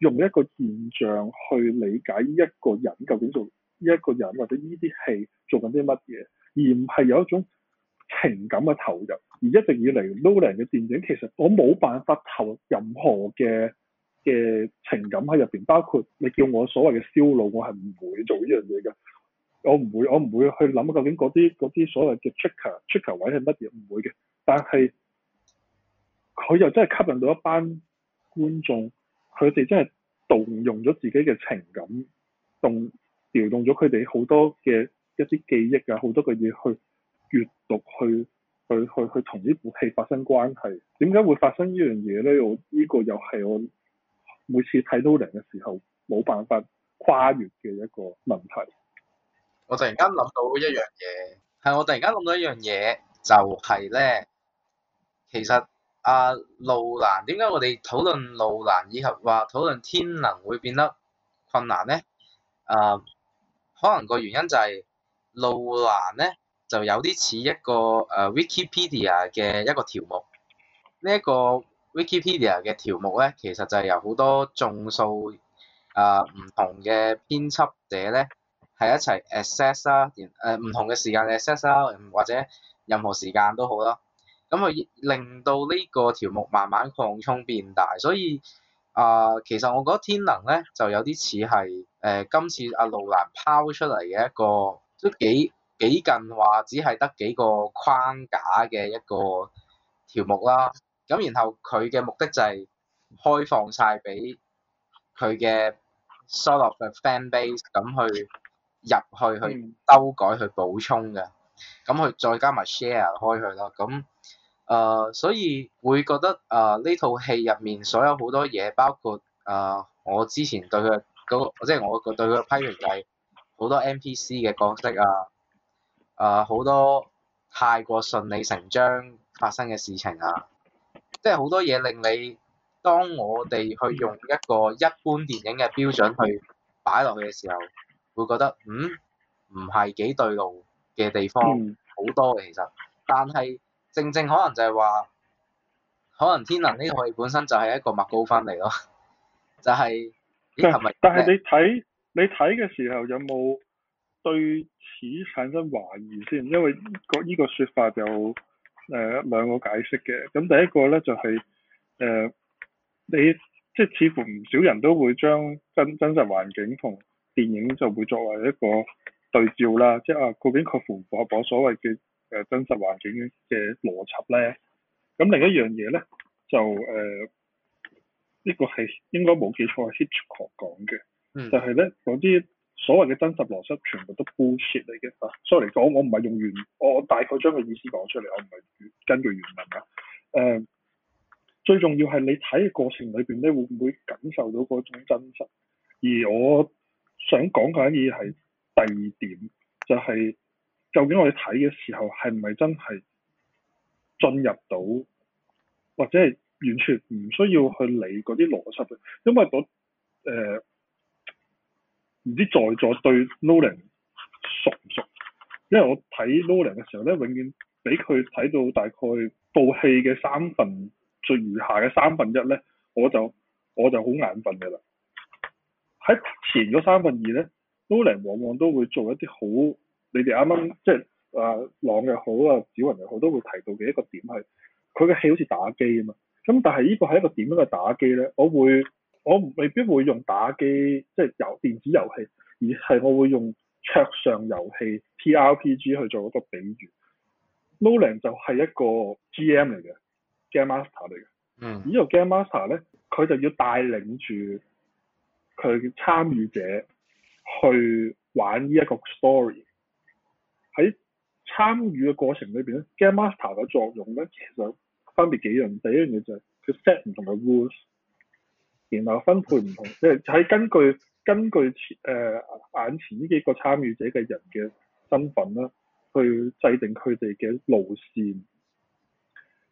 用一個現象去理解一個人，究竟做呢一個人或者呢啲戲做緊啲乜嘢，而唔係有一種情感嘅投入。而一直以嚟路蘭嘅電影，其實我冇辦法投入任何嘅嘅情感喺入邊，包括你叫我所謂嘅燒腦，我係唔會做呢樣嘢嘅。我唔會，我唔會去諗究竟嗰啲啲所謂嘅 trick，trick 位係乜嘢，唔會嘅。但係佢又真係吸引到一班觀眾。佢哋真係動用咗自己嘅情感，動調動咗佢哋好多嘅一啲記憶啊，好多嘅嘢去閲讀，去去去去同呢部戲發生關係。點解會發生呢樣嘢咧？我呢個又係我每次睇到嚟嘅時候冇辦法跨越嘅一個問題。我突然間諗到一樣嘢，係我突然間諗到一樣嘢，就係咧，其實。啊，uh, 路蘭點解我哋討論路蘭以及話討論天能會變得困難咧？啊、uh,，可能個原因就係路蘭咧就有啲似一個誒、uh, Wikipedia 嘅一個條目。呢、這、一個 Wikipedia 嘅條目咧，其實就係由好多眾數啊唔、uh, 同嘅編輯者咧，係一齊 assess 啊、uh,，誒唔同嘅時間嚟 assess 啊，或者任何時間都好啦。咁去令到呢個條目慢慢擴充變大，所以啊、呃，其實我覺得天能咧就有啲似係誒今次阿路蘭拋出嚟嘅一個都幾幾近話，只係得幾個框架嘅一個條目啦。咁然後佢嘅目的就係開放晒俾佢嘅 sort of 嘅 fan base 咁去入去去修改去補充嘅，咁佢再加埋 share 開去咯，咁。誒，uh, 所以會覺得誒呢、uh, 套戲入面所有好多嘢，包括誒、uh, 我之前對佢嗰即係我對佢嘅批評就係好多 NPC 嘅角色啊，誒、uh, 好多太過順理成章發生嘅事情啊，即係好多嘢令你當我哋去用一個一般電影嘅標準去擺落去嘅時候，會覺得嗯唔係幾對路嘅地方好多嘅其實，但係。正正可能就係話，可能天能呢個戲本身就係一個麥高芬嚟咯， 就係、是、咦，係咪？但係你睇，你睇嘅時候有冇對此產生懷疑先？因為個呢個説法就誒、呃、兩個解釋嘅。咁第一個咧就係、是、誒、呃、你即係似乎唔少人都會將真真實環境同電影就會作為一個對照啦，即係啊嗰邊確乎我所謂嘅。誒真實環境嘅邏輯咧，咁另一樣嘢咧就誒，呢、呃呢個係應該冇記錯，Hitchcock 講嘅，嗯、就係咧嗰啲所謂嘅真實邏輯全部都 bullshit 嚟嘅嚇。所以嚟講，我唔係用原，我大概將個意思講出嚟，我唔係根據原文啦、啊。誒、呃，最重要係你睇嘅過程裏邊咧，會唔會感受到嗰種真實？而我想講緊嘅嘢係第二點，就係、是。究竟我哋睇嘅時候係唔係真係進入到，或者係完全唔需要去理嗰啲邏輯？因為我、呃、唔知在座對 Nolan 熟唔熟？因為我睇 Nolan 嘅時候咧，永遠俾佢睇到大概部戲嘅三分，最餘下嘅三分一咧，我就我就好眼瞓㗎啦。喺前嗰三分二咧，Nolan 往往都會做一啲好。你哋啱啱即係啊，朗又好啊，小云又好，都會提到嘅一個點係佢嘅戲好似打機啊嘛。咁但係呢個係一個點樣嘅打機咧？我會我未必會用打機即係遊電子遊戲，而係我會用桌上遊戲 TRPG 去做一個比喻。Nolan 就係一個 G M 嚟嘅，Game Master 嚟嘅。嗯。呢個 Game Master 咧，佢就要帶領住佢嘅參與者去玩呢一個 story。參與嘅過程裏邊咧，Game Master 嘅作用咧，其實分別幾樣。第一樣嘢就係佢 set 唔同嘅 rules，然後分配唔同，即係喺根據根據前、呃、眼前呢幾個參與者嘅人嘅身份啦，去制定佢哋嘅路線。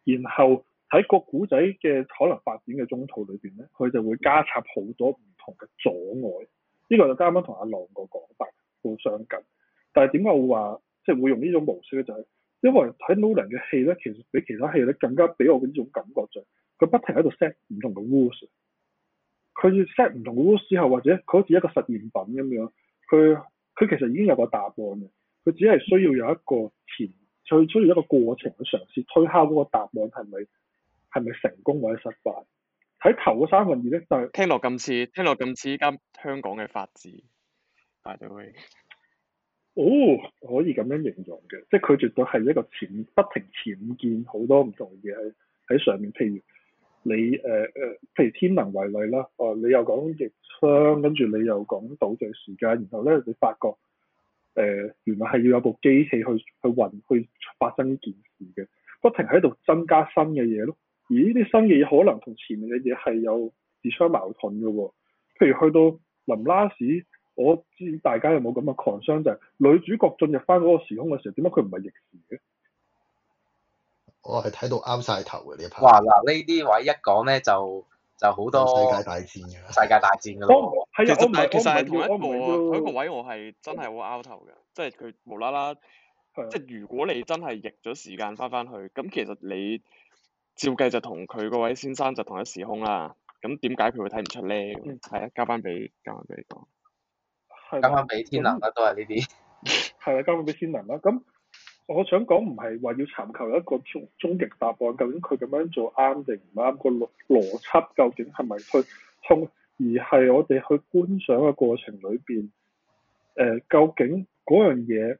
然後喺個古仔嘅可能發展嘅中途裏邊咧，佢就會加插好多唔同嘅阻礙。呢、這個就啱啱同阿嵐哥講法好相近。但係點解會話？即係會用呢種模式咧，就係因為睇 Nolan 嘅戲咧，其實比其他戲咧更加俾我嘅呢種感覺就係，佢不停喺度 set 唔同嘅 rules，佢要 set 唔同嘅 rules 之後，或者佢好似一個實驗品咁樣，佢佢其實已經有個答案嘅，佢只係需要有一個前，最需要一個過程去嘗試推敲嗰個答案係咪係咪成功或者失敗。喺頭嘅三分二咧，就係、是、聽落咁似，聽落咁似而家香港嘅法治，捱到你。哦，oh, 可以咁樣形容嘅，即係佢絕對係一個潛不停潛見好多唔同嘅嘢喺上面。譬如你誒誒、呃，譬如天能為例啦，哦、呃，你又講逆熵，跟住你又講倒退時間，然後咧你發覺誒、呃、原來係要有部機器去去運去發生呢件事嘅，不停喺度增加新嘅嘢咯。而呢啲新嘅嘢可能同前面嘅嘢係有自相矛盾嘅喎。譬如去到林拉史。我知大家有冇咁嘅狂想就係女主角進入翻嗰個時空嘅時候，點解佢唔係逆時嘅？我係睇到拗晒頭嘅呢一 part 嗱呢啲位一講咧就就好多世界大戰嘅世界大戰嘅咯。係啊，其實其實我唔係我唔係同一個同一個位我係真係好拗頭嘅，即係佢無啦啦，即係的如果你真係逆咗時間翻翻去，咁其實你照計就同佢嗰位先生就同一時空啦。咁點解佢會睇唔出咧？係啊，交翻俾交翻俾你講。係，交翻俾天能啦，那都係呢啲。係 啦，交翻俾天能啦。咁我想講唔係話要尋求一個終終極答案，究竟佢咁樣做啱定唔啱？個邏邏輯究竟係咪去通？而係我哋去觀賞嘅過程裏邊，誒、呃，究竟嗰樣嘢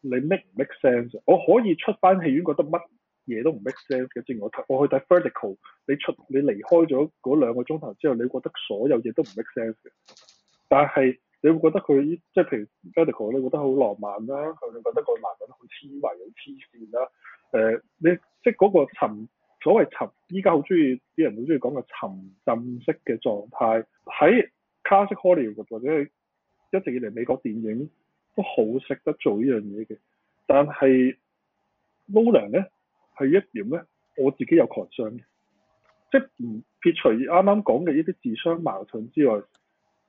你 make 唔 make sense？我可以出翻戲院，覺得乜嘢都唔 make sense 嘅。正如我睇，我去睇 Vertical，你出你離開咗嗰兩個鐘頭之後，你覺得所有嘢都唔 make sense 嘅。但係。你會覺得佢即係譬如嘉迪講咧，覺得好浪漫啦；佢覺得個男人好痴迷、好痴線啦。誒、呃，你即係嗰個沉所謂沉，依家好中意啲人好中意講嘅沉浸式嘅狀態，喺 classical Hollywood 或者係一直以嚟美國電影都好識得做呢樣嘢嘅。但係《路蘭》咧係一點咧，我自己有狂陷嘅，即係唔撇除啱啱講嘅呢啲自相矛盾之外。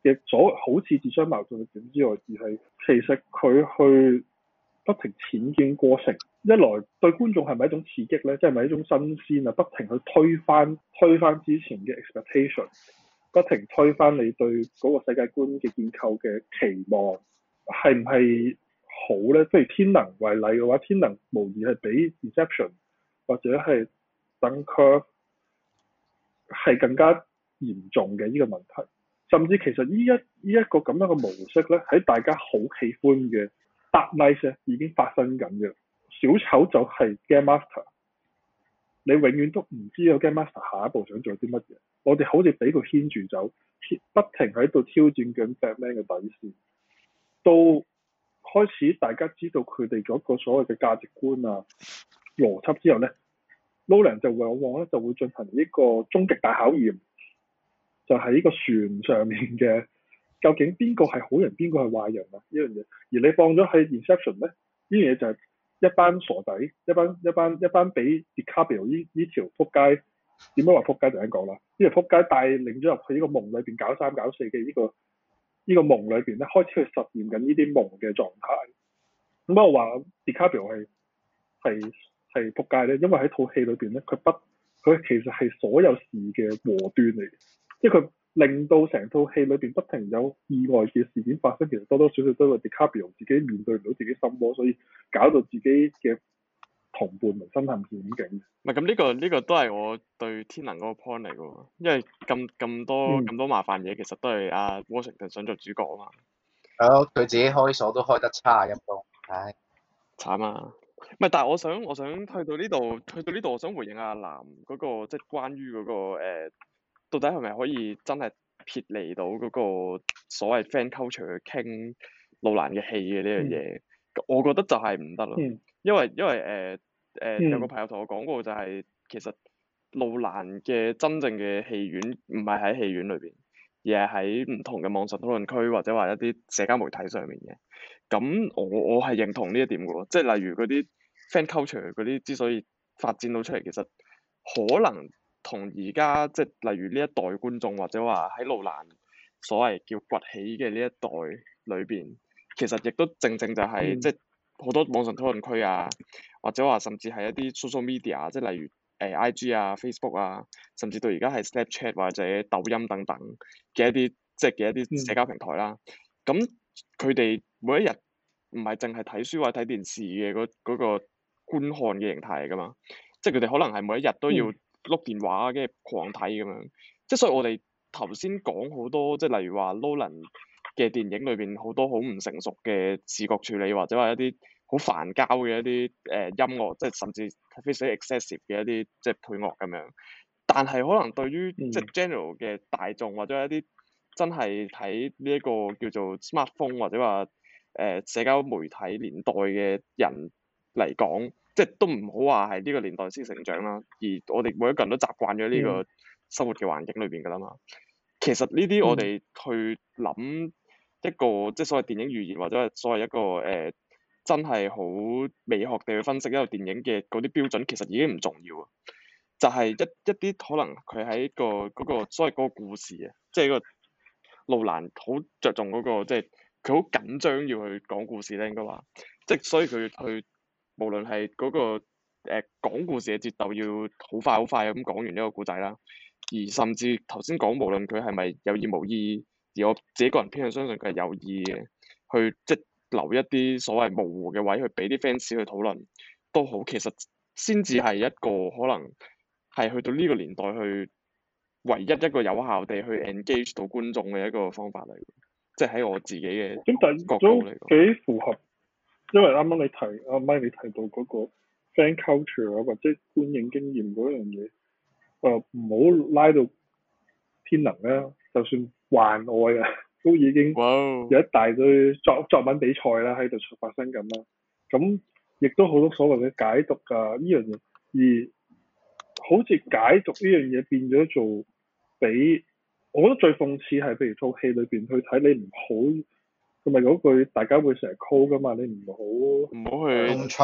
嘅所好似自相矛盾嘅點之外，而係其實佢去不停淺見過程，一來對觀眾係咪一種刺激咧？即係咪一種新鮮啊？不停去推翻、推翻之前嘅 expectation，不停推翻你對個世界觀嘅建構嘅期望，係唔係好咧？即係天能為例嘅話，天能無疑係比 Inception 或者係 Dunkirk 係更加嚴重嘅呢、這個問題。甚至其實呢一呢一個咁樣嘅模式咧，喺大家好喜歡嘅 Dark Knight 已經發生緊嘅，小丑就係 game master，你永遠都唔知個 game master 下一步想做啲乜嘢。我哋好似俾佢牽住走，不停喺度挑戰緊 Batman 嘅底線。到開始大家知道佢哋嗰個所謂嘅價值觀啊、邏輯之後咧，路蘭就往往咧就會進行呢個終極大考驗。就喺呢個船上面嘅，究竟邊個係好人，邊個係壞人啊？呢樣嘢，而你放咗去 Inception 咧，呢樣嘢就係一班傻仔，一班一班一班俾 DiCaprio 呢呢條撲街點樣話撲街就咁講啦。呢條撲街帶領咗入去呢個夢裏邊搞三搞四嘅呢、呢個呢、呢個夢裏邊咧，開始去實驗緊呢啲夢嘅狀態。咁啊，我話 DiCaprio 係係係撲街咧，因為喺套戲裏邊咧，佢不佢其實係所有事嘅禍端嚟。即係佢令到成套戲裏邊不停有意外嘅事件發生，其實多多少少都係迪卡比奧自己面對唔到自己心魔，所以搞到自己嘅同伴嚟身陷險境。唔係咁，呢個呢、這個都係我對天能嗰個 point 嚟嘅喎，因為咁咁多咁、嗯、多麻煩嘢，其實都係阿華盛頓想做主角啊嘛。係咯、哦，佢自己開鎖都開得差啊陰公，唉、嗯，哎、慘啊！唔係，但係我想我想去到呢度去到呢度，我想回應阿嵐嗰個即係、就是、關於嗰、那個、uh, 到底係咪可以真係撇離到嗰個所謂 fan culture 去傾路蘭嘅戲嘅呢樣嘢？嗯、我覺得就係唔得咯，因為因為誒誒有個朋友同我講過就係、是、其實路蘭嘅真正嘅戲院唔係喺戲院裏邊，而係喺唔同嘅網上討論區或者話一啲社交媒體上面嘅。咁我我係認同呢一點嘅咯，即、就、係、是、例如嗰啲 fan culture 嗰啲之所以發展到出嚟，其實可能。同而家即係例如呢一代觀眾，或者話喺路蘭所謂叫崛起嘅呢一代裏邊，其實亦都正正就係、是嗯、即係好多網上討論區啊，或者話甚至係一啲 social media，即係例如誒 IG 啊、Facebook 啊，甚至到而家係 Snapchat 或者抖音等等嘅一啲即係嘅一啲社交平台啦、啊。咁佢哋每一日唔係淨係睇書或者睇電視嘅嗰嗰個觀看嘅形態嚟噶嘛，即係佢哋可能係每一日都要、嗯。碌電話嘅狂睇咁樣，即係所以我哋頭先講好多，即係例如話路蘭嘅電影裏邊好多好唔成熟嘅視覺處理，或者話一啲好繁交嘅一啲誒、呃、音樂，即係甚至非常 excessive 嘅一啲即係配樂咁樣。但係可能對於、嗯、即係 general 嘅大眾，或者一啲真係睇呢一個叫做 smartphone 或者話誒、呃、社交媒體年代嘅人嚟講。即係都唔好話係呢個年代先成長啦，而我哋每一個人都習慣咗呢個生活嘅環境裏邊㗎啦嘛。嗯、其實呢啲我哋去諗一個、嗯、即係所謂電影語言或者係所謂一個誒、呃，真係好美學地去分析一個電影嘅嗰啲標準，其實已經唔重要啊。就係、是、一一啲可能佢喺個嗰、嗰個所謂嗰個故事啊，即係個路蘭好着重嗰、嗰個即係佢好緊張要去講故事咧，應該話，即係所以佢去。無論係嗰、那個誒、呃、講故事嘅節奏要好快好快咁講完呢個故仔啦，而甚至頭先講無論佢係咪有意無意，而我自己個人偏向相信佢係有意嘅，去即係、就是、留一啲所謂模糊嘅位去俾啲 fans 去討論，都好其實先至係一個可能係去到呢個年代去唯一一個有效地去 engage 到觀眾嘅一個方法嚟，即係喺我自己嘅角度嚟講幾符合。因為啱啱你提阿咪，啱啱你提到嗰個 fan culture 啊，或者觀影經驗嗰樣嘢，誒，唔好拉到天能啦，就算幻愛啊，都已經有一大堆作作品比賽啦，喺度發生緊啦。咁亦都好多所謂嘅解讀㗎，呢樣嘢而好似解讀呢樣嘢變咗做俾我覺得最諷刺係，譬如套戲裏邊去睇你唔好。同埋嗰句大家會成日 call 噶嘛，你唔好唔好去。係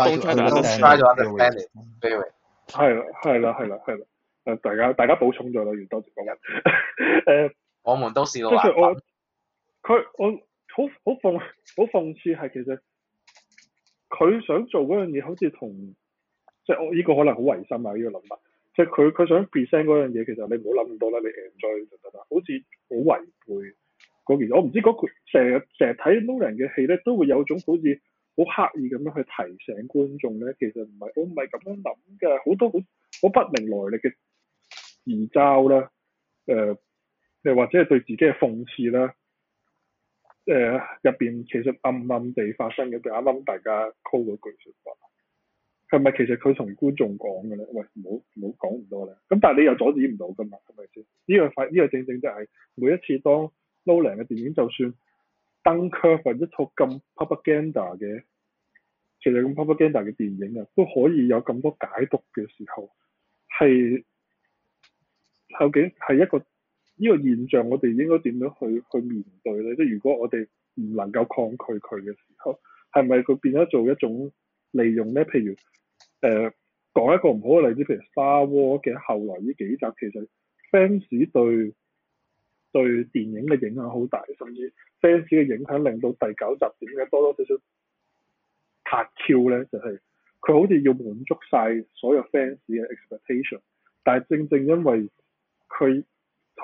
啦係啦係啦係啦，誒會大家大家補充咗啦，要多謝各位。誒、 呃，我們都是個難民道。佢我好好諷好諷刺係其實佢想做嗰樣嘢，好似同即係我依個可能好違心啊！依、這個諗法，即係佢佢想 present 嗰樣嘢，其實你唔好諗咁多啦，你 enjoy 就得啦。好似好違背。件我唔知嗰句成日成日睇 n 人嘅戲咧，都會有種好似好刻意咁樣去提醒觀眾咧，其實唔係我唔係咁樣諗嘅，好多好好不明來歷嘅詭嘲啦，誒、呃，誒或者係對自己嘅諷刺啦，誒入邊其實暗暗地發生嘅，譬如啱啱大家 call 句説話說，係咪其實佢同觀眾講嘅咧？喂，唔好唔好講咁多咧。咁但係你又阻止唔到㗎嘛，係咪先？呢、這個快呢、這個正正就係、是、每一次當。高良嘅電影，就算《Dunkirk》或一套咁 propaganda 嘅，其實咁 propaganda 嘅電影啊，都可以有咁多解讀嘅時候，係究竟係一個呢、呢個現象，我哋應該點樣去去面對咧？即係如果我哋唔能夠抗拒佢嘅時候，係咪佢變咗做一種利用咧？譬如誒、呃、講一個唔好嘅例子，譬如《Star Wars》嘅後來呢幾集，其實 fans 對，對電影嘅影響好大，甚至 fans 嘅影響，令到第九集點解多多少少塌 Q 咧？就係、是、佢好似要滿足晒所有 fans 嘅 expectation，但係正正因為佢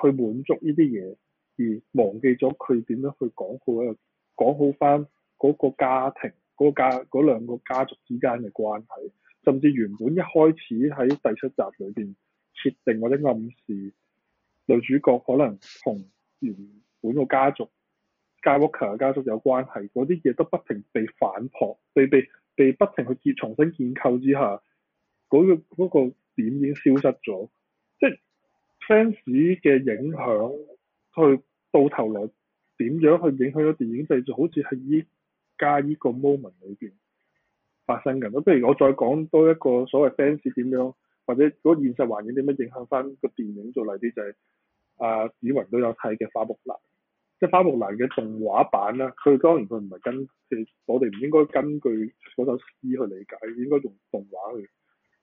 去滿足呢啲嘢，而忘記咗佢點樣去講好一個講好翻嗰個家庭嗰、那個家嗰兩個家族之間嘅關係，甚至原本一開始喺第七集裏邊設定或者暗示。女主角可能同原本個家族、Skywalker 嘅家族有關係，嗰啲嘢都不停被反撲、被被被不停去建、重新建構之下，嗰、那個嗰點、那個、已經消失咗。即係 fans 嘅影響去到頭來點樣去影響咗電影製作，就是、就好似喺依家依個 moment 裏邊發生緊。不如我再講多一個所謂 fans 點樣？或者嗰個現實環境點樣影響翻個電影？做例啲就係阿子雲都有睇嘅《花木蘭》，即係《花木蘭》嘅動畫版啦。佢當然佢唔係根據，我哋唔應該根據嗰首詩去理解，應該用動畫去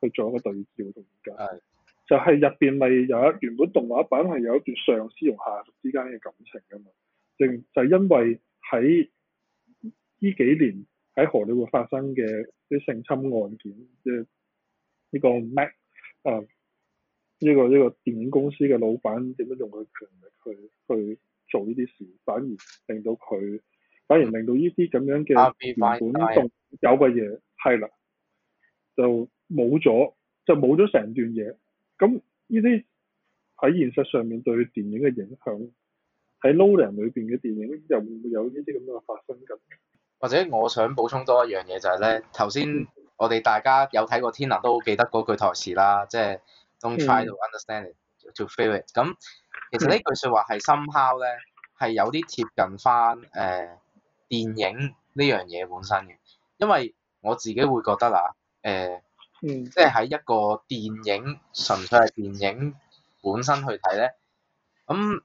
去作一個對照同理解。係。就係入邊咪有一原本動畫版係有一段上司同下屬之間嘅感情㗎嘛？正就係、是、因為喺呢幾年喺荷里活發生嘅啲性侵案件，即係呢、這個誒呢、uh, 這個呢、這個電影公司嘅老闆點樣用佢權力去去做呢啲事，反而令到佢，反而令到呢啲咁樣嘅電影館有嘅嘢係啦，就冇咗，就冇咗成段嘢。咁呢啲喺現實上面對電影嘅影響，喺《路蘭》裏邊嘅電影又會唔會有呢啲咁樣嘅發生緊？或者我想補充多一樣嘢就係、是、咧，頭先。嗯我哋大家有睇過天能都好記得嗰句台詞啦，即係 Don't try to understand it, to feel it。咁其實句呢句説話係 somehow 咧，係有啲貼近翻誒、呃、電影呢樣嘢本身嘅，因為我自己會覺得啊，誒、呃，即係喺一個電影純粹係電影本身去睇咧，咁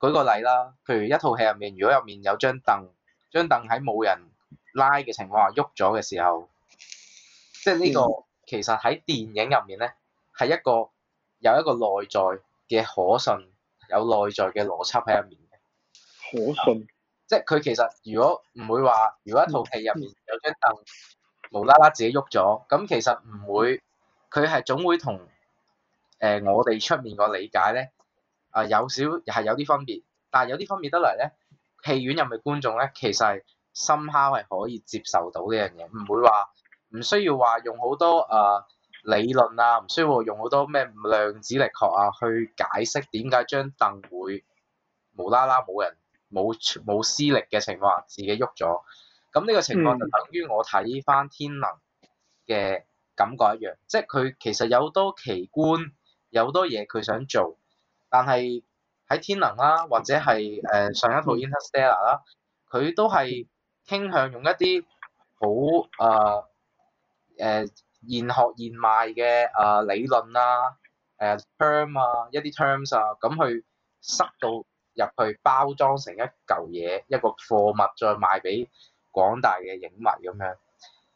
舉個例啦，譬如一套戲入面，如果入面有張凳，張凳喺冇人拉嘅情況下喐咗嘅時候，即係呢個其實喺電影入面咧，係一個有一個內在嘅可信，有內在嘅邏輯喺入面。嘅可信。即係佢其實如果唔會話，如果一套戲入面有張凳無啦啦自己喐咗，咁、嗯、其實唔會，佢係總會同誒、呃、我哋出面個理解咧啊、呃、有少係有啲分別，但係有啲分別得嚟咧，戲院入面觀眾咧其實係 somehow 係可以接受到呢樣嘢，唔會話。唔需要話用好多誒、呃、理論啊，唔需要用好多咩量子力學啊去解釋點解張凳會無啦啦冇人冇冇施力嘅情況下自己喐咗。咁呢個情況就等於我睇翻天能嘅感覺一樣，即係佢其實有好多奇觀，有好多嘢佢想做，但係喺天能啦，或者係誒、呃、上一套 Interstellar 啦，佢都係傾向用一啲好誒。呃誒、uh, 現學現賣嘅啊、uh, 理論啦、啊，誒、uh, term 啊一啲 terms 啊，咁去塞到入去包裝成一嚿嘢，一個貨物再賣俾廣大嘅影迷咁樣。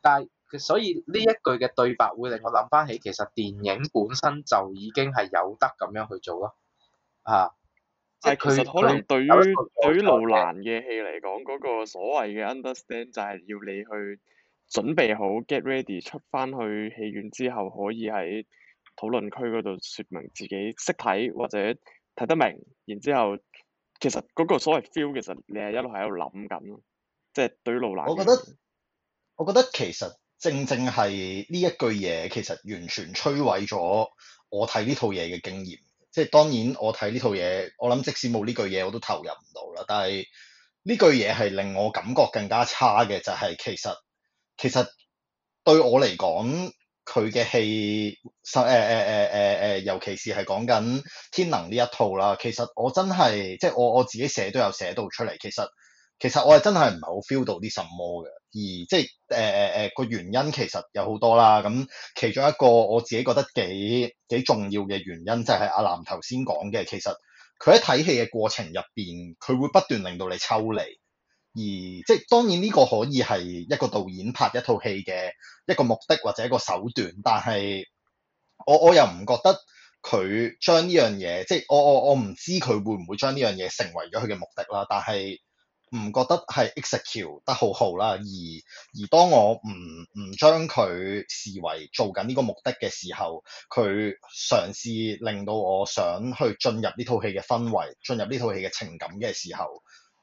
但係所以呢一句嘅對白會令我諗翻起，其實電影本身就已經係有得咁樣去做咯，啊、uh, 其它！即係佢可能對於對路蘭嘅戲嚟講，嗰、那個所謂嘅 understand 就係要你去。準備好 get ready 出翻去戲院之後，可以喺討論區嗰度説明自己識睇或者睇得明，然之後其實嗰個所謂 feel 其實你係一路喺度諗緊，即係對於路蘭。我覺得我覺得其實正正係呢一句嘢，其實完全摧毀咗我睇呢套嘢嘅經驗。即係當然我睇呢套嘢，我諗即使冇呢句嘢，我都投入唔到啦。但係呢句嘢係令我感覺更加差嘅，就係其實。其實對我嚟講，佢嘅戲，實，誒誒誒誒尤其是係講緊天能呢一套啦。其實我真係，即係我我自己寫都有寫到出嚟。其實其實我係真係唔係好 feel 到啲什麼嘅，而即係誒誒誒個原因其實有好多啦。咁其中一個我自己覺得幾幾重要嘅原因就係阿嵐頭先講嘅，其實佢喺睇戲嘅過程入邊，佢會不斷令到你抽離。而即係當然呢個可以係一個導演拍一套戲嘅一個目的或者一個手段，但係我我又唔覺得佢將呢樣嘢，即係我我我唔知佢會唔會將呢樣嘢成為咗佢嘅目的啦。但係唔覺得係 execute 得好好啦。而而當我唔唔將佢視為做緊呢個目的嘅時候，佢嘗試令到我想去進入呢套戲嘅氛圍，進入呢套戲嘅情感嘅時候。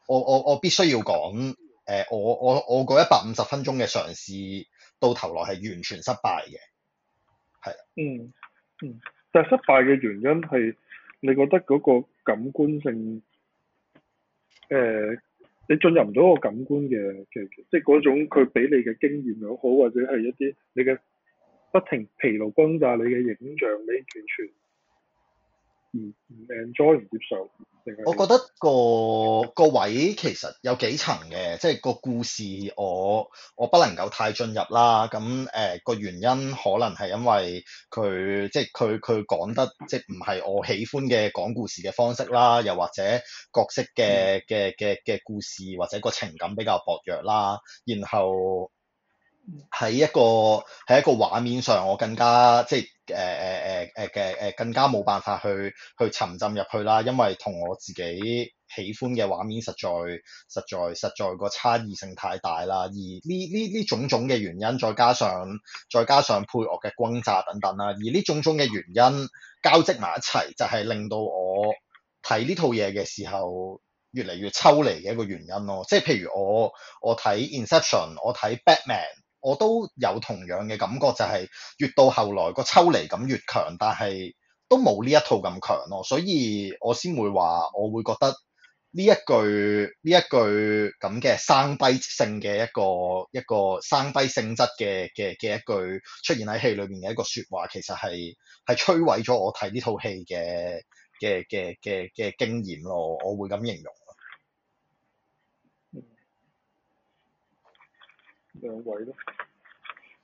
我我我必須要講，誒、呃、我我我嗰一百五十分鐘嘅嘗試，到頭來係完全失敗嘅，係嗯嗯，但係失敗嘅原因係，你覺得嗰個感官性，誒、呃、你進入唔到個感官嘅嘅，即係嗰種佢俾你嘅經驗又好，或者係一啲你嘅不停疲勞轟炸你嘅影像，你完全，唔唔 enjoy 唔接受，我覺得個個位其實有幾層嘅，即係個故事我我不能夠太進入啦。咁誒、呃、個原因可能係因為佢即係佢佢講得即係唔係我喜歡嘅講故事嘅方式啦，又或者角色嘅嘅嘅嘅故事或者個情感比較薄弱啦，然後。喺一個喺一個畫面上，我更加即係誒誒誒誒誒誒更加冇辦法去去沉浸入去啦，因為同我自己喜歡嘅畫面實在實在實在，實在個差異性太大啦。而呢呢呢種種嘅原因，再加上再加上配樂嘅轟炸等等啦，而呢種種嘅原因交織埋一齊，就係令到我睇呢套嘢嘅時候越嚟越抽離嘅一個原因咯。即係譬如我我睇《Inception》，我睇《Batman》。我都有同樣嘅感覺，就係、是、越到後來個抽離感越強，但係都冇呢一套咁強咯，所以我先會話，我會覺得呢一句呢一句咁嘅生悲性嘅一個一個生悲性質嘅嘅嘅一句出現喺戲裏面嘅一個説話，其實係係摧毀咗我睇呢套戲嘅嘅嘅嘅嘅經驗咯，我會咁形容。兩位咯，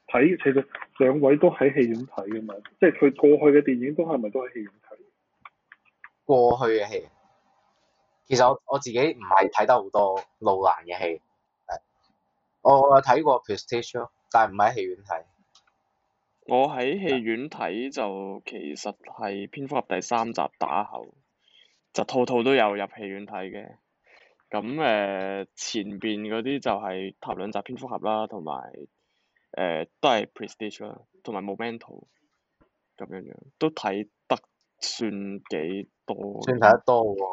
睇，其實兩位都喺戲院睇㗎嘛，即係佢過去嘅電影是是都係咪都喺戲院睇？過去嘅戲，其實我我自己唔係睇得好多路蘭嘅戲，我我有睇過 Prestige 咯，但係唔喺戲院睇。我喺戲院睇就其實係蝙蝠俠第三集打後，就套套都有入戲院睇嘅。咁誒、呃、前邊嗰啲就係、是、頭兩集蝙蝠俠啦，同埋誒都係 prestige 啦，同埋 Memento 咁樣樣，都睇得算幾多，算睇得多喎。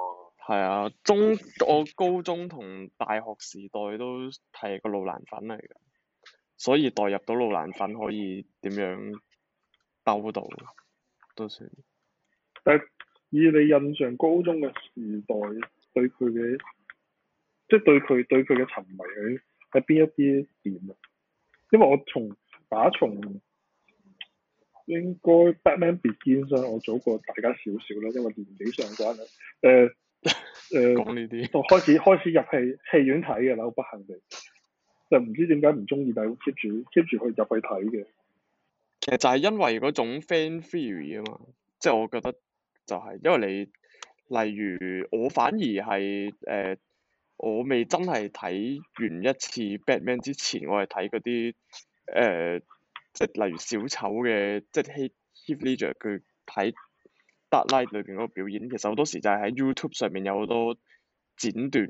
係啊，中我高中同大學時代都係個路蘭粉嚟嘅，所以代入到路蘭粉可以點樣兜到？都算。但以你印象，高中嘅時代對佢嘅。即係對佢對佢嘅沉迷喺喺邊一啲點啊？因為我從打從應該 Batman Begins 啦，所以我早過大家少少啦，因為年紀上關啊。誒、呃、誒，呃、 講呢啲，我開始開始入戲戲院睇嘅，但我不幸地就唔知點解唔中意，但係 keep 住 keep 住去入去睇嘅，其實就係因為嗰種 fan theory 啊嘛，即、就、係、是、我覺得就係、是、因為你，例如我反而係誒。呃我未真係睇完一次 Batman 之前，我係睇嗰啲誒，即係例如小丑嘅，即係 He h l e a c h 佢喺 Dark i g h t 裏邊嗰個表演，其實好多時就係喺 YouTube 上面有好多剪段，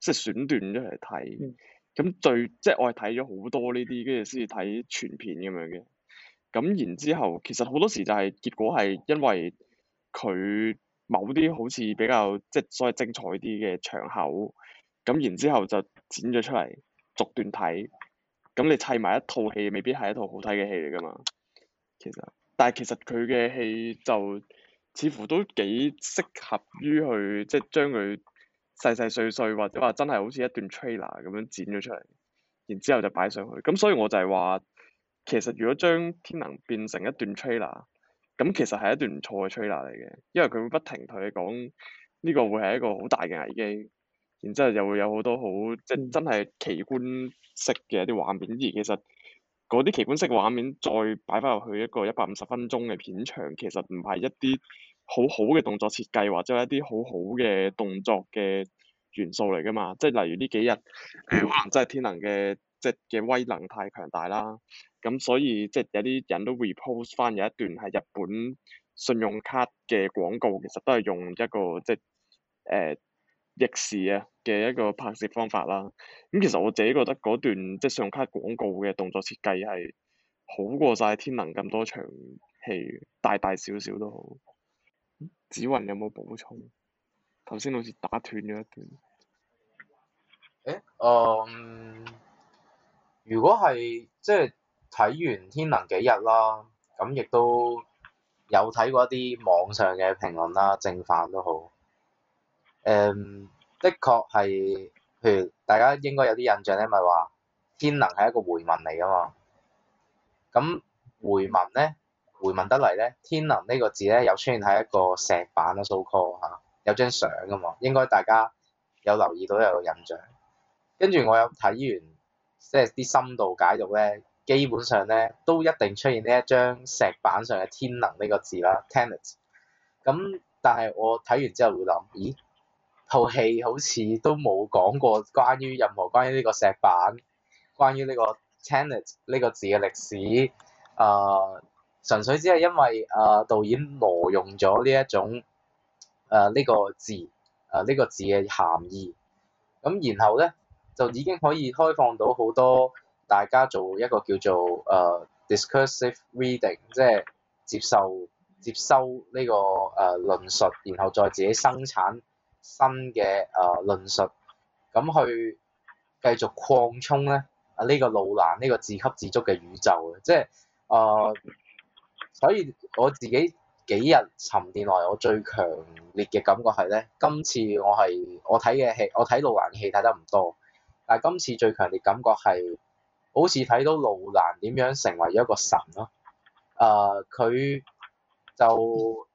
即係選段咁嚟睇，咁、嗯、最即係我係睇咗好多呢啲，跟住先至睇全片咁樣嘅。咁然之後，其實好多時就係、是、結果係因為佢某啲好似比較即係所謂精彩啲嘅場口。咁然之後就剪咗出嚟，逐段睇。咁你砌埋一套戲，未必係一套好睇嘅戲嚟噶嘛。其實，但係其實佢嘅戲就似乎都幾適合於去即係將佢細細碎碎或者話真係好似一段 trailer 咁樣剪咗出嚟，然之後就擺上去。咁所以我就係話，其實如果將天能變成一段 trailer，咁其實係一段唔錯嘅 trailer 嚟嘅，因為佢會不停同你講呢個會係一個好大嘅危機。然之後又會有好多好，即係真係奇觀式嘅一啲畫面，而其實嗰啲奇觀式畫面再擺翻入去一個一百五十分鐘嘅片長，其實唔係一啲好好嘅動作設計或者一啲好好嘅動作嘅元素嚟㗎嘛。即係例如呢幾日誒，可能真係天能嘅即係嘅威能太強大啦，咁所以即係有啲人都 repost 翻有一段係日本信用卡嘅廣告，其實都係用一個即係誒。呃逆時啊嘅一個拍攝方法啦，咁其實我自己覺得嗰段即係信用卡廣告嘅動作設計係好過晒天能咁多場戲，大大小小都好。子雲有冇補充？頭先好似打斷咗一段。誒、欸，um, 如果係即係睇完天能幾日啦，咁亦都有睇過一啲網上嘅評論啦，正反都好。誒、嗯，的確係，譬如大家應該有啲印象咧，咪話天能係一個回文嚟㗎嘛。咁回文咧，回文得嚟咧，天能呢個字咧，又出現喺一個石板啊，so call 嚇、啊，有張相㗎嘛，應該大家有留意到有個印象。跟住我有睇完，即係啲深度解讀咧，基本上咧都一定出現呢一張石板上嘅天能呢個字啦，Tenet。咁 Ten 但係我睇完之後會諗，咦？套戲好似都冇講過關於任何關於呢個石板，關於呢個 Tenet 呢個字嘅歷史。啊、呃，純粹只係因為啊、呃，導演挪用咗呢一種誒呢、呃這個字，誒、呃、呢、這個字嘅含義。咁然後咧，就已經可以開放到好多大家做一個叫做誒、呃、discursive reading，即係接受接收呢、這個誒、呃、論述，然後再自己生產。新嘅誒、呃、論述，咁去繼續擴充咧啊呢、呢個路蘭呢、呢個自給自足嘅宇宙嘅，即係誒、呃，所以我自己幾日沉澱來，我最強烈嘅感覺係咧，今次我係我睇嘅戲，我睇路蘭嘅戲睇得唔多，但係今次最強烈感覺係，好似睇到路蘭點樣成為一個神咯、啊，誒、呃、佢就。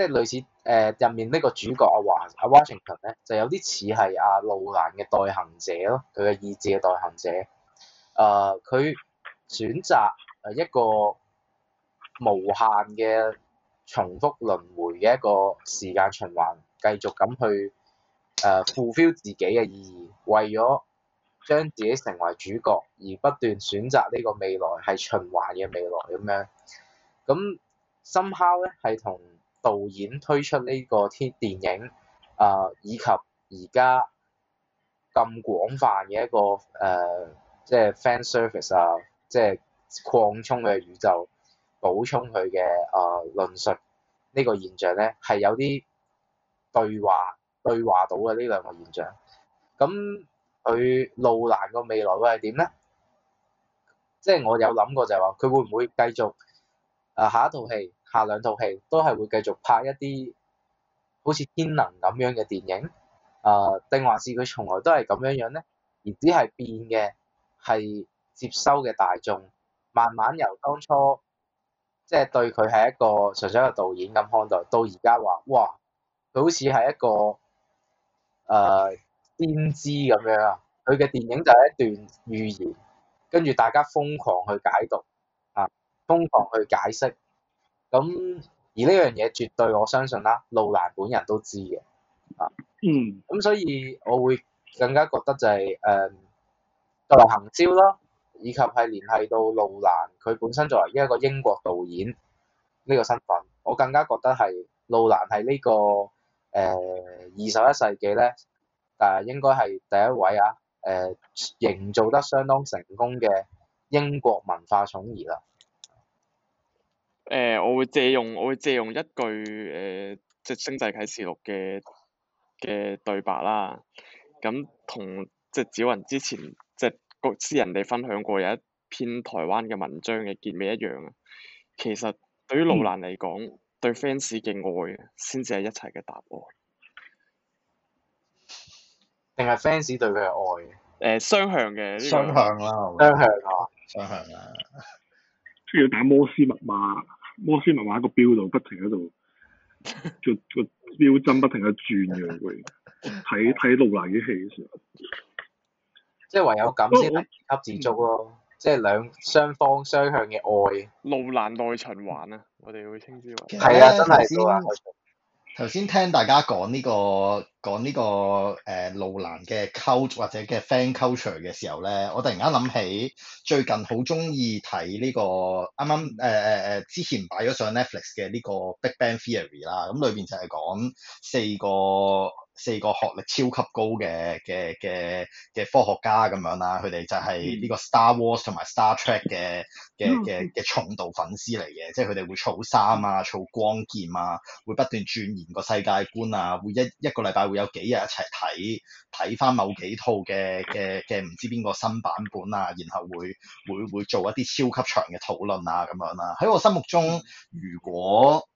即係類似誒入、呃、面呢個主角阿、啊、華阿、啊、Washington 咧，就有啲似係阿路蘭嘅代行者咯，佢嘅意志嘅代行者。誒，佢、呃、選擇一個無限嘅重複輪迴嘅一個時間循環，繼續咁去誒 fulfil、呃、自己嘅意義，為咗將自己成為主角而不斷選擇呢個未來係循環嘅未來咁樣。咁 somehow 咧係同導演推出呢個天能電影，啊、呃、以及而家咁廣泛嘅一個誒，即、呃、係、就是、fan service 啊，即、就、係、是、擴充佢嘅宇宙，補充佢嘅啊論述，呢個現象咧係有啲對話對話到嘅呢兩個現象。咁佢路蘭個未來會係點咧？即、就、係、是、我有諗過就係話，佢會唔會繼續啊、呃、下一套戲？下兩套戲都係會繼續拍一啲好似天能咁樣嘅電影，誒、呃、定還是佢從來都係咁樣樣咧，而只係變嘅係接收嘅大眾，慢慢由當初即係、就是、對佢係一個純粹嘅個導演咁看待，到而家話哇，佢好似係一個誒先知咁樣啊，佢嘅電影就係一段寓言，跟住大家瘋狂去解讀啊，瘋狂去解釋。咁而呢樣嘢絕對我相信啦，路蘭本人都知嘅啊，嗯，咁、嗯、所以我會更加覺得就係誒作為行銷咯，以及係聯繫到路蘭佢本身作為一個英國導演呢、這個身份，我更加覺得係路蘭係呢、這個誒二十一世紀咧，誒、呃、應該係第一位啊，誒、呃、營造得相當成功嘅英國文化寵兒啦。誒、呃，我會借用我會借用一句誒、呃，即係《星際啟示錄》嘅嘅對白啦，咁、嗯、同即係子雲之前即係個私人哋分享過有一篇台灣嘅文章嘅結尾一樣啊，其實對於路蘭嚟講，嗯、對 fans 嘅愛先至係一切嘅答案，定係 fans 對佢嘅愛？誒雙向嘅，雙向啦，雙向啦，雙向啊！要打摩斯密碼。摩斯密碼喺、那個表度不停喺度，就、那個表針不停喺度轉嘅，睇睇 路蘭嘅戲，即係唯有咁先自給自足咯，嗯、即係兩雙方雙向嘅愛，路蘭內循環啊，我哋會稱之為係 啊，真係頭先聽大家講呢、這個。講呢個誒路蘭嘅 culture 或者嘅 fan culture 嘅時候咧，我突然間諗起最近好中意睇呢個啱啱誒誒誒之前擺咗上 Netflix 嘅呢個《Big Bang Theory》啦，咁裏邊就係講四個四個學歷超級高嘅嘅嘅嘅科學家咁樣啦，佢哋就係呢個 Star Wars 同埋 Star Trek 嘅嘅嘅嘅重度粉絲嚟嘅，即係佢哋會造衫啊，造光劍啊，會不斷鑽研個世界觀啊，會一一個禮拜。會有幾日一齊睇睇翻某幾套嘅嘅嘅唔知邊個新版本啊，然後會會會做一啲超級長嘅討論啊咁樣啦。喺我心目中，如果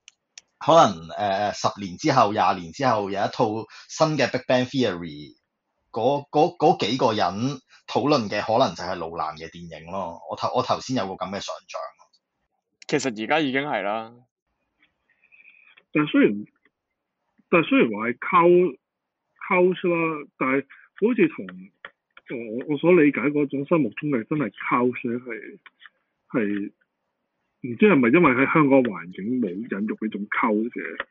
可能誒誒十年之後、廿年之後有一套新嘅 Big Bang Theory，嗰嗰幾個人討論嘅可能就係路蘭嘅電影咯。我頭我頭先有個咁嘅想像。其實而家已經係啦。但係雖然，但係雖然話係靠。溝出啦，但係好似同我我所理解嗰種心目中嘅真係溝出係，係唔知係咪因為喺香港環境冇引入呢種溝嘅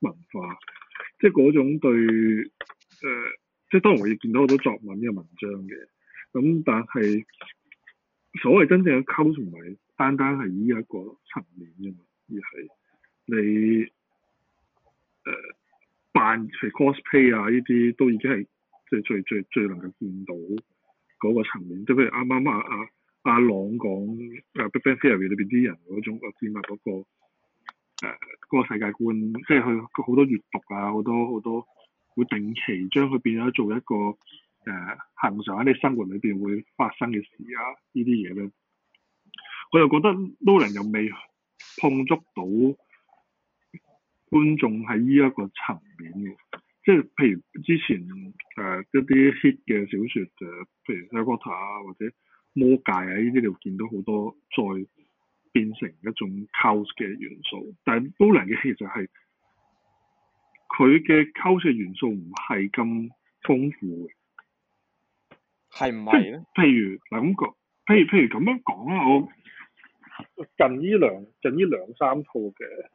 文化，即係嗰種對，呃、即係當然我亦見到好多作文嘅文章嘅，咁但係所謂真正嘅溝同埋單單係呢一個層面嘅嘛，而係你誒。呃扮係 cosplay 啊！呢啲都已經係即係最最最能夠見到嗰個層面，即係譬如啱啱啊，阿阿嵐講誒 Big Bang Theory 裏邊啲人嗰種啊，見埋嗰個世界觀，即係佢好多閱讀啊，好多好多會定期將佢變咗做一個誒、呃、行常喺你生活裏邊會發生嘅事啊！呢啲嘢咧，我就覺得路蘭又未碰觸到。觀眾喺呢一個層面嘅，即係譬如之前誒、呃、一啲 hit 嘅小説嘅，譬如《Harry Potter》啊或者《魔戒》啊，呢啲你會見到好多再變成一種 cult 嘅元素。但係、就是《天能》嘅其實係佢嘅 cult 嘅元素唔係咁豐富嘅，係唔係咧？譬如嗱咁講，譬如譬如咁樣講，我近呢兩近呢兩三套嘅。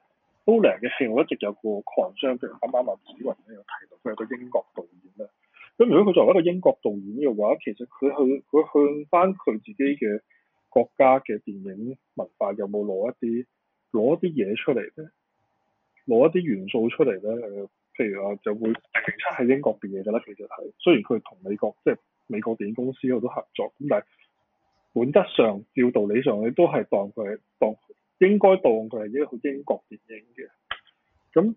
路蘭嘅戲我一直有一個狂想嘅，啱啱麥子雲咧有提到，佢係個英國導演咧。咁如果佢作為一個英國導演嘅話，其實佢去佢去翻佢自己嘅國家嘅電影文化，有冇攞一啲攞一啲嘢出嚟咧？攞一啲元素出嚟咧？譬如話就會係英國電影㗎啦。其實係，雖然佢同美國即係、就是、美國電影公司好多合作，咁但係本質上，照道理上，你都係當佢係當。應該當佢係一個英國電影嘅，咁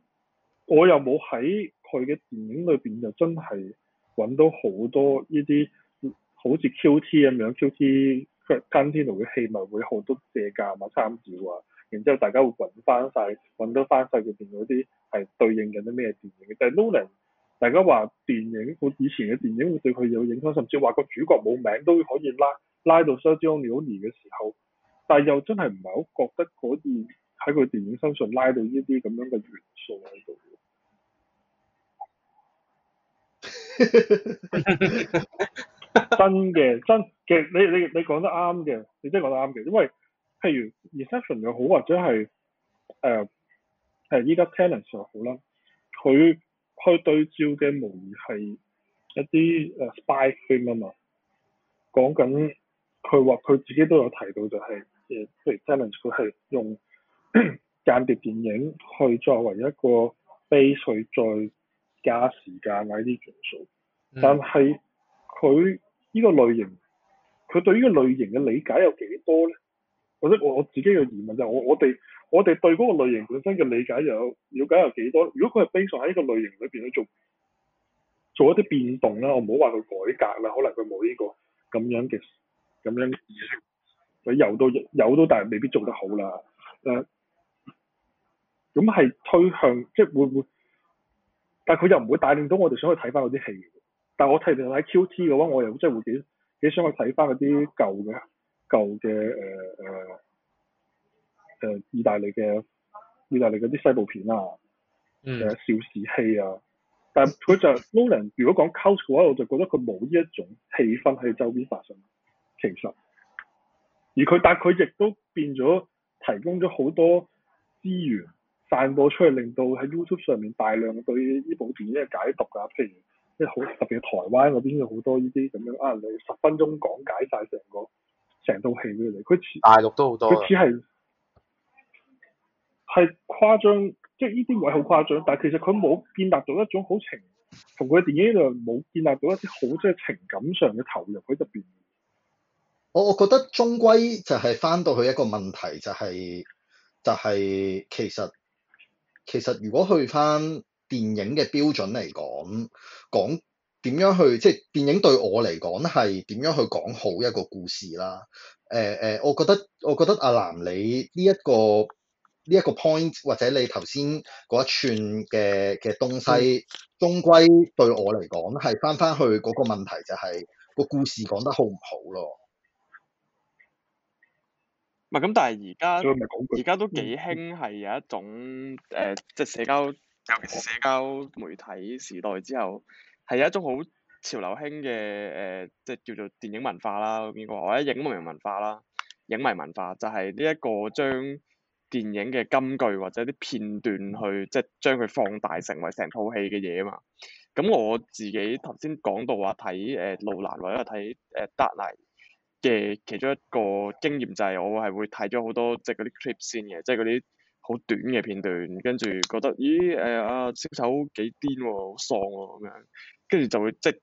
我又冇喺佢嘅電影裏邊就真係揾到好多呢啲好似 Q.T. 咁樣，Q.T. 塔倫天奴嘅戲咪會好多借鑑啊、參照啊，然之後大家會揾翻晒，揾到翻曬裏邊嗰啲係對應緊啲咩電影嘅。但係路蘭，大家話電影，我以前嘅電影會對佢有影響，甚至話個主角冇名都可以拉拉到 Sergio Leone 嘅時候。但係又真係唔係好覺得可以喺佢電影身上拉到呢啲咁樣嘅元素喺度。真嘅，真嘅，你你你講得啱嘅，你真講得啱嘅，因為譬如 Inception 又好，或者係誒誒依家 Tenet 又好啦，佢去對照嘅模擬係一啲誒 spy film 啊嘛，講緊佢話佢自己都有提到就係、是。即係，如 j 佢係用 間諜電影去作為一個 base，再加時間或者長數，嗯、但係佢呢個類型，佢對呢個類型嘅理解有幾多咧？或者我我自己嘅疑問就係我我哋我哋對嗰個類型本身嘅理解有了解有幾多？如果佢係 base 喺呢個類型裏邊去做做一啲變動咧，我唔好話佢改革啦，可能佢冇呢個咁樣嘅咁樣嘅意識。佢游到有都，但係未必做得好啦。誒、呃，咁係推向即係會會，但係佢又唔會帶領到我哋想去睇翻嗰啲戲。但係我睇定喺 QT 嘅話，我又真係會幾幾想去睇翻嗰啲舊嘅舊嘅誒誒誒意大利嘅意大利嗰啲西部片啊，誒、呃、邵氏戲啊。但係佢就 Nolan，如果講 culture 嘅話，我就覺得佢冇呢一種氣氛喺周邊發生。其實。而佢但佢亦都變咗提供咗好多資源散播出去，令到喺 YouTube 上面大量對呢部電影嘅解讀啊，譬如即係好特別台灣嗰邊有好多呢啲咁樣啊，你十分鐘講解晒成個成套戲俾你，佢大陸都好多，佢只係係誇張，即係呢啲位好誇張，但係其實佢冇建立到一種好情，同佢電影一樣冇建立到一啲好即係情感上嘅投入喺入邊。我我覺得終歸就係翻到去一個問題，就係就係其實其實如果去翻電影嘅標準嚟講，講點樣去即係電影對我嚟講係點樣去講好一個故事啦？誒誒，我覺得我覺得阿嵐你呢一個呢一個 point 或者你頭先嗰一串嘅嘅東西，終歸對我嚟講係翻翻去嗰個問題就係個故事講得好唔好咯？咁，但係而家而家都幾興，係有一種誒，即係、嗯呃就是、社交，尤其是社交媒體時代之後，係一種好潮流興嘅誒，即、呃、係、就是、叫做電影文化啦，邊個或者影迷文化啦，影迷文化就係呢一個將電影嘅金句或者啲片段去即係、就是、將佢放大成為成套戲嘅嘢啊嘛。咁我自己頭先講到話睇誒路蘭，或者係睇誒、呃、德尼，嘅其中一個經驗就係我係會睇咗好多即係嗰啲 clip 先嘅，即係嗰啲好短嘅片段，跟住覺得咦誒啊，小丑幾癲喎，好喪喎咁樣，跟住就會即、就是、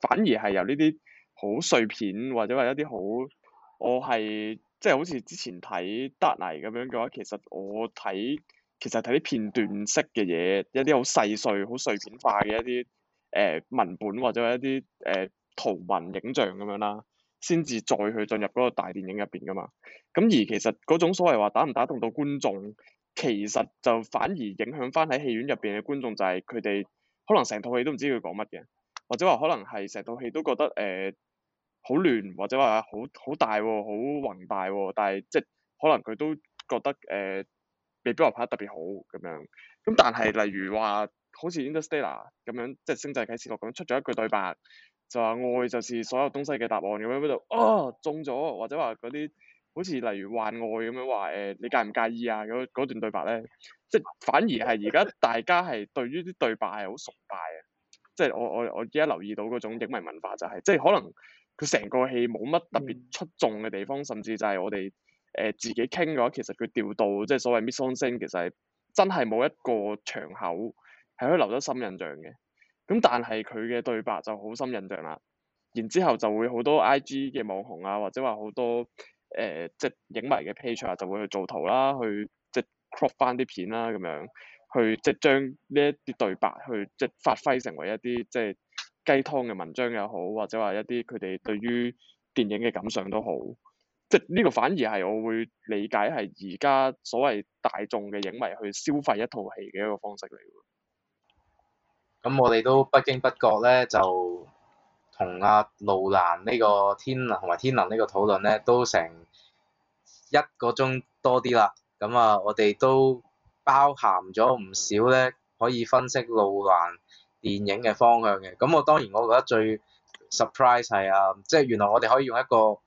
反而係由呢啲好碎片或者話一啲好，我係即係好似之前睇得泥咁樣嘅話，其實我睇其實睇啲片段式嘅嘢，一啲好細碎、好碎片化嘅一啲誒、呃、文本或者係一啲誒、呃、圖文影像咁樣啦。先至再去進入嗰個大電影入邊噶嘛，咁而其實嗰種所謂話打唔打動到觀眾，其實就反而影響翻喺戲院入邊嘅觀眾就係佢哋，可能成套戲都唔知佢講乜嘅，或者話可能係成套戲都覺得誒，好、呃、亂或者話好好大喎、啊，好宏大喎、啊，但係即係可能佢都覺得誒、呃，未必拍得特別好咁樣，咁但係例如話，好似 Interstellar 咁樣，即係《星際啟示錄》咁出咗一句對白。就話愛就是所有東西嘅答案咁樣嗰度，哦，中咗或者話嗰啲，好似例如幻愛咁樣話誒、欸，你介唔介意啊？嗰段對白咧，即反而係而家大家係對於啲對白係好崇拜嘅，即係我我我而家留意到嗰種影迷文化就係、是，即係可能佢成個戲冇乜特別出眾嘅地方，嗯、甚至就係我哋誒、呃、自己傾嘅話，其實佢調度即係所謂 mise-en-scène 其實係真係冇一個場口係可以留得深印象嘅。咁但係佢嘅對白就好深印象啦，然之後就會好多 I G 嘅網紅啊，或者話好多誒、呃、即影迷嘅 page 啊，就會去做圖啦，去即 crop 翻啲片啦，咁樣去即將呢一啲對白去即發揮成為一啲即雞湯嘅文章又好，或者話一啲佢哋對於電影嘅感想都好，即呢個反而係我會理解係而家所謂大眾嘅影迷去消費一套戲嘅一個方式嚟喎。咁我哋都不經不覺咧，就同阿路蘭呢個天能同埋天能呢個討論咧，都成一個鐘多啲啦。咁啊，我哋都包含咗唔少咧，可以分析路蘭電影嘅方向嘅。咁我當然我覺得最 surprise 係啊，即係原來我哋可以用一個誒、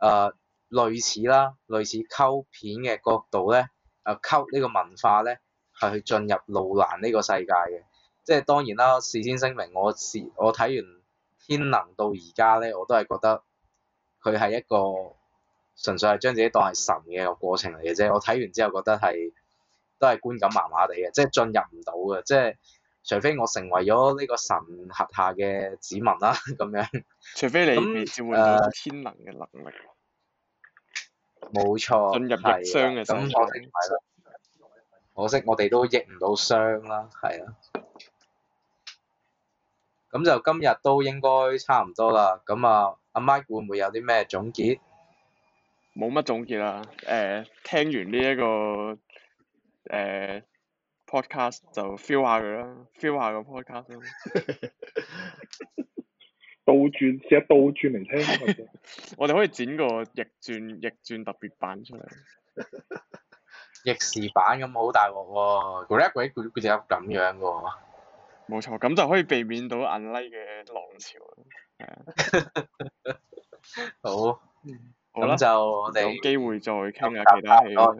呃、類似啦，類似溝片嘅角度咧，誒溝呢個文化咧，係去進入路蘭呢個世界嘅。即係當然啦，事先聲明，我是我睇完天能到而家咧，我都係覺得佢係一個純粹係將自己當係神嘅個過程嚟嘅啫。我睇完之後覺得係都係觀感麻麻地嘅，即係進入唔到嘅，即係除非我成為咗呢個神轄下嘅子民啦咁樣。除非你誒那天能嘅能力。呃，冇錯，進入，入雙嘅神。可惜我哋都益唔到雙啦，係啊。咁就今日都應該差唔多啦。咁啊，阿 Mike 會唔會有啲咩總結？冇乜總結啊。誒、呃，聽完呢、這、一個誒、呃、podcast 就 feel 下佢啦，feel 下個 podcast 啦。 倒轉，試下倒轉嚟聽，聽。 我哋可以剪個逆轉、逆轉特別版出嚟。逆時版咁好大鑊喎，a 一鬼佢佢就有咁樣嘅喎。冇錯，咁就可以避免到 unlike 嘅浪潮。係啊，好，咁 就我哋 有機會再傾下其他戲啦。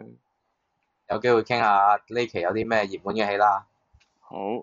有機會傾下呢期有啲咩熱門嘅戲啦。 好。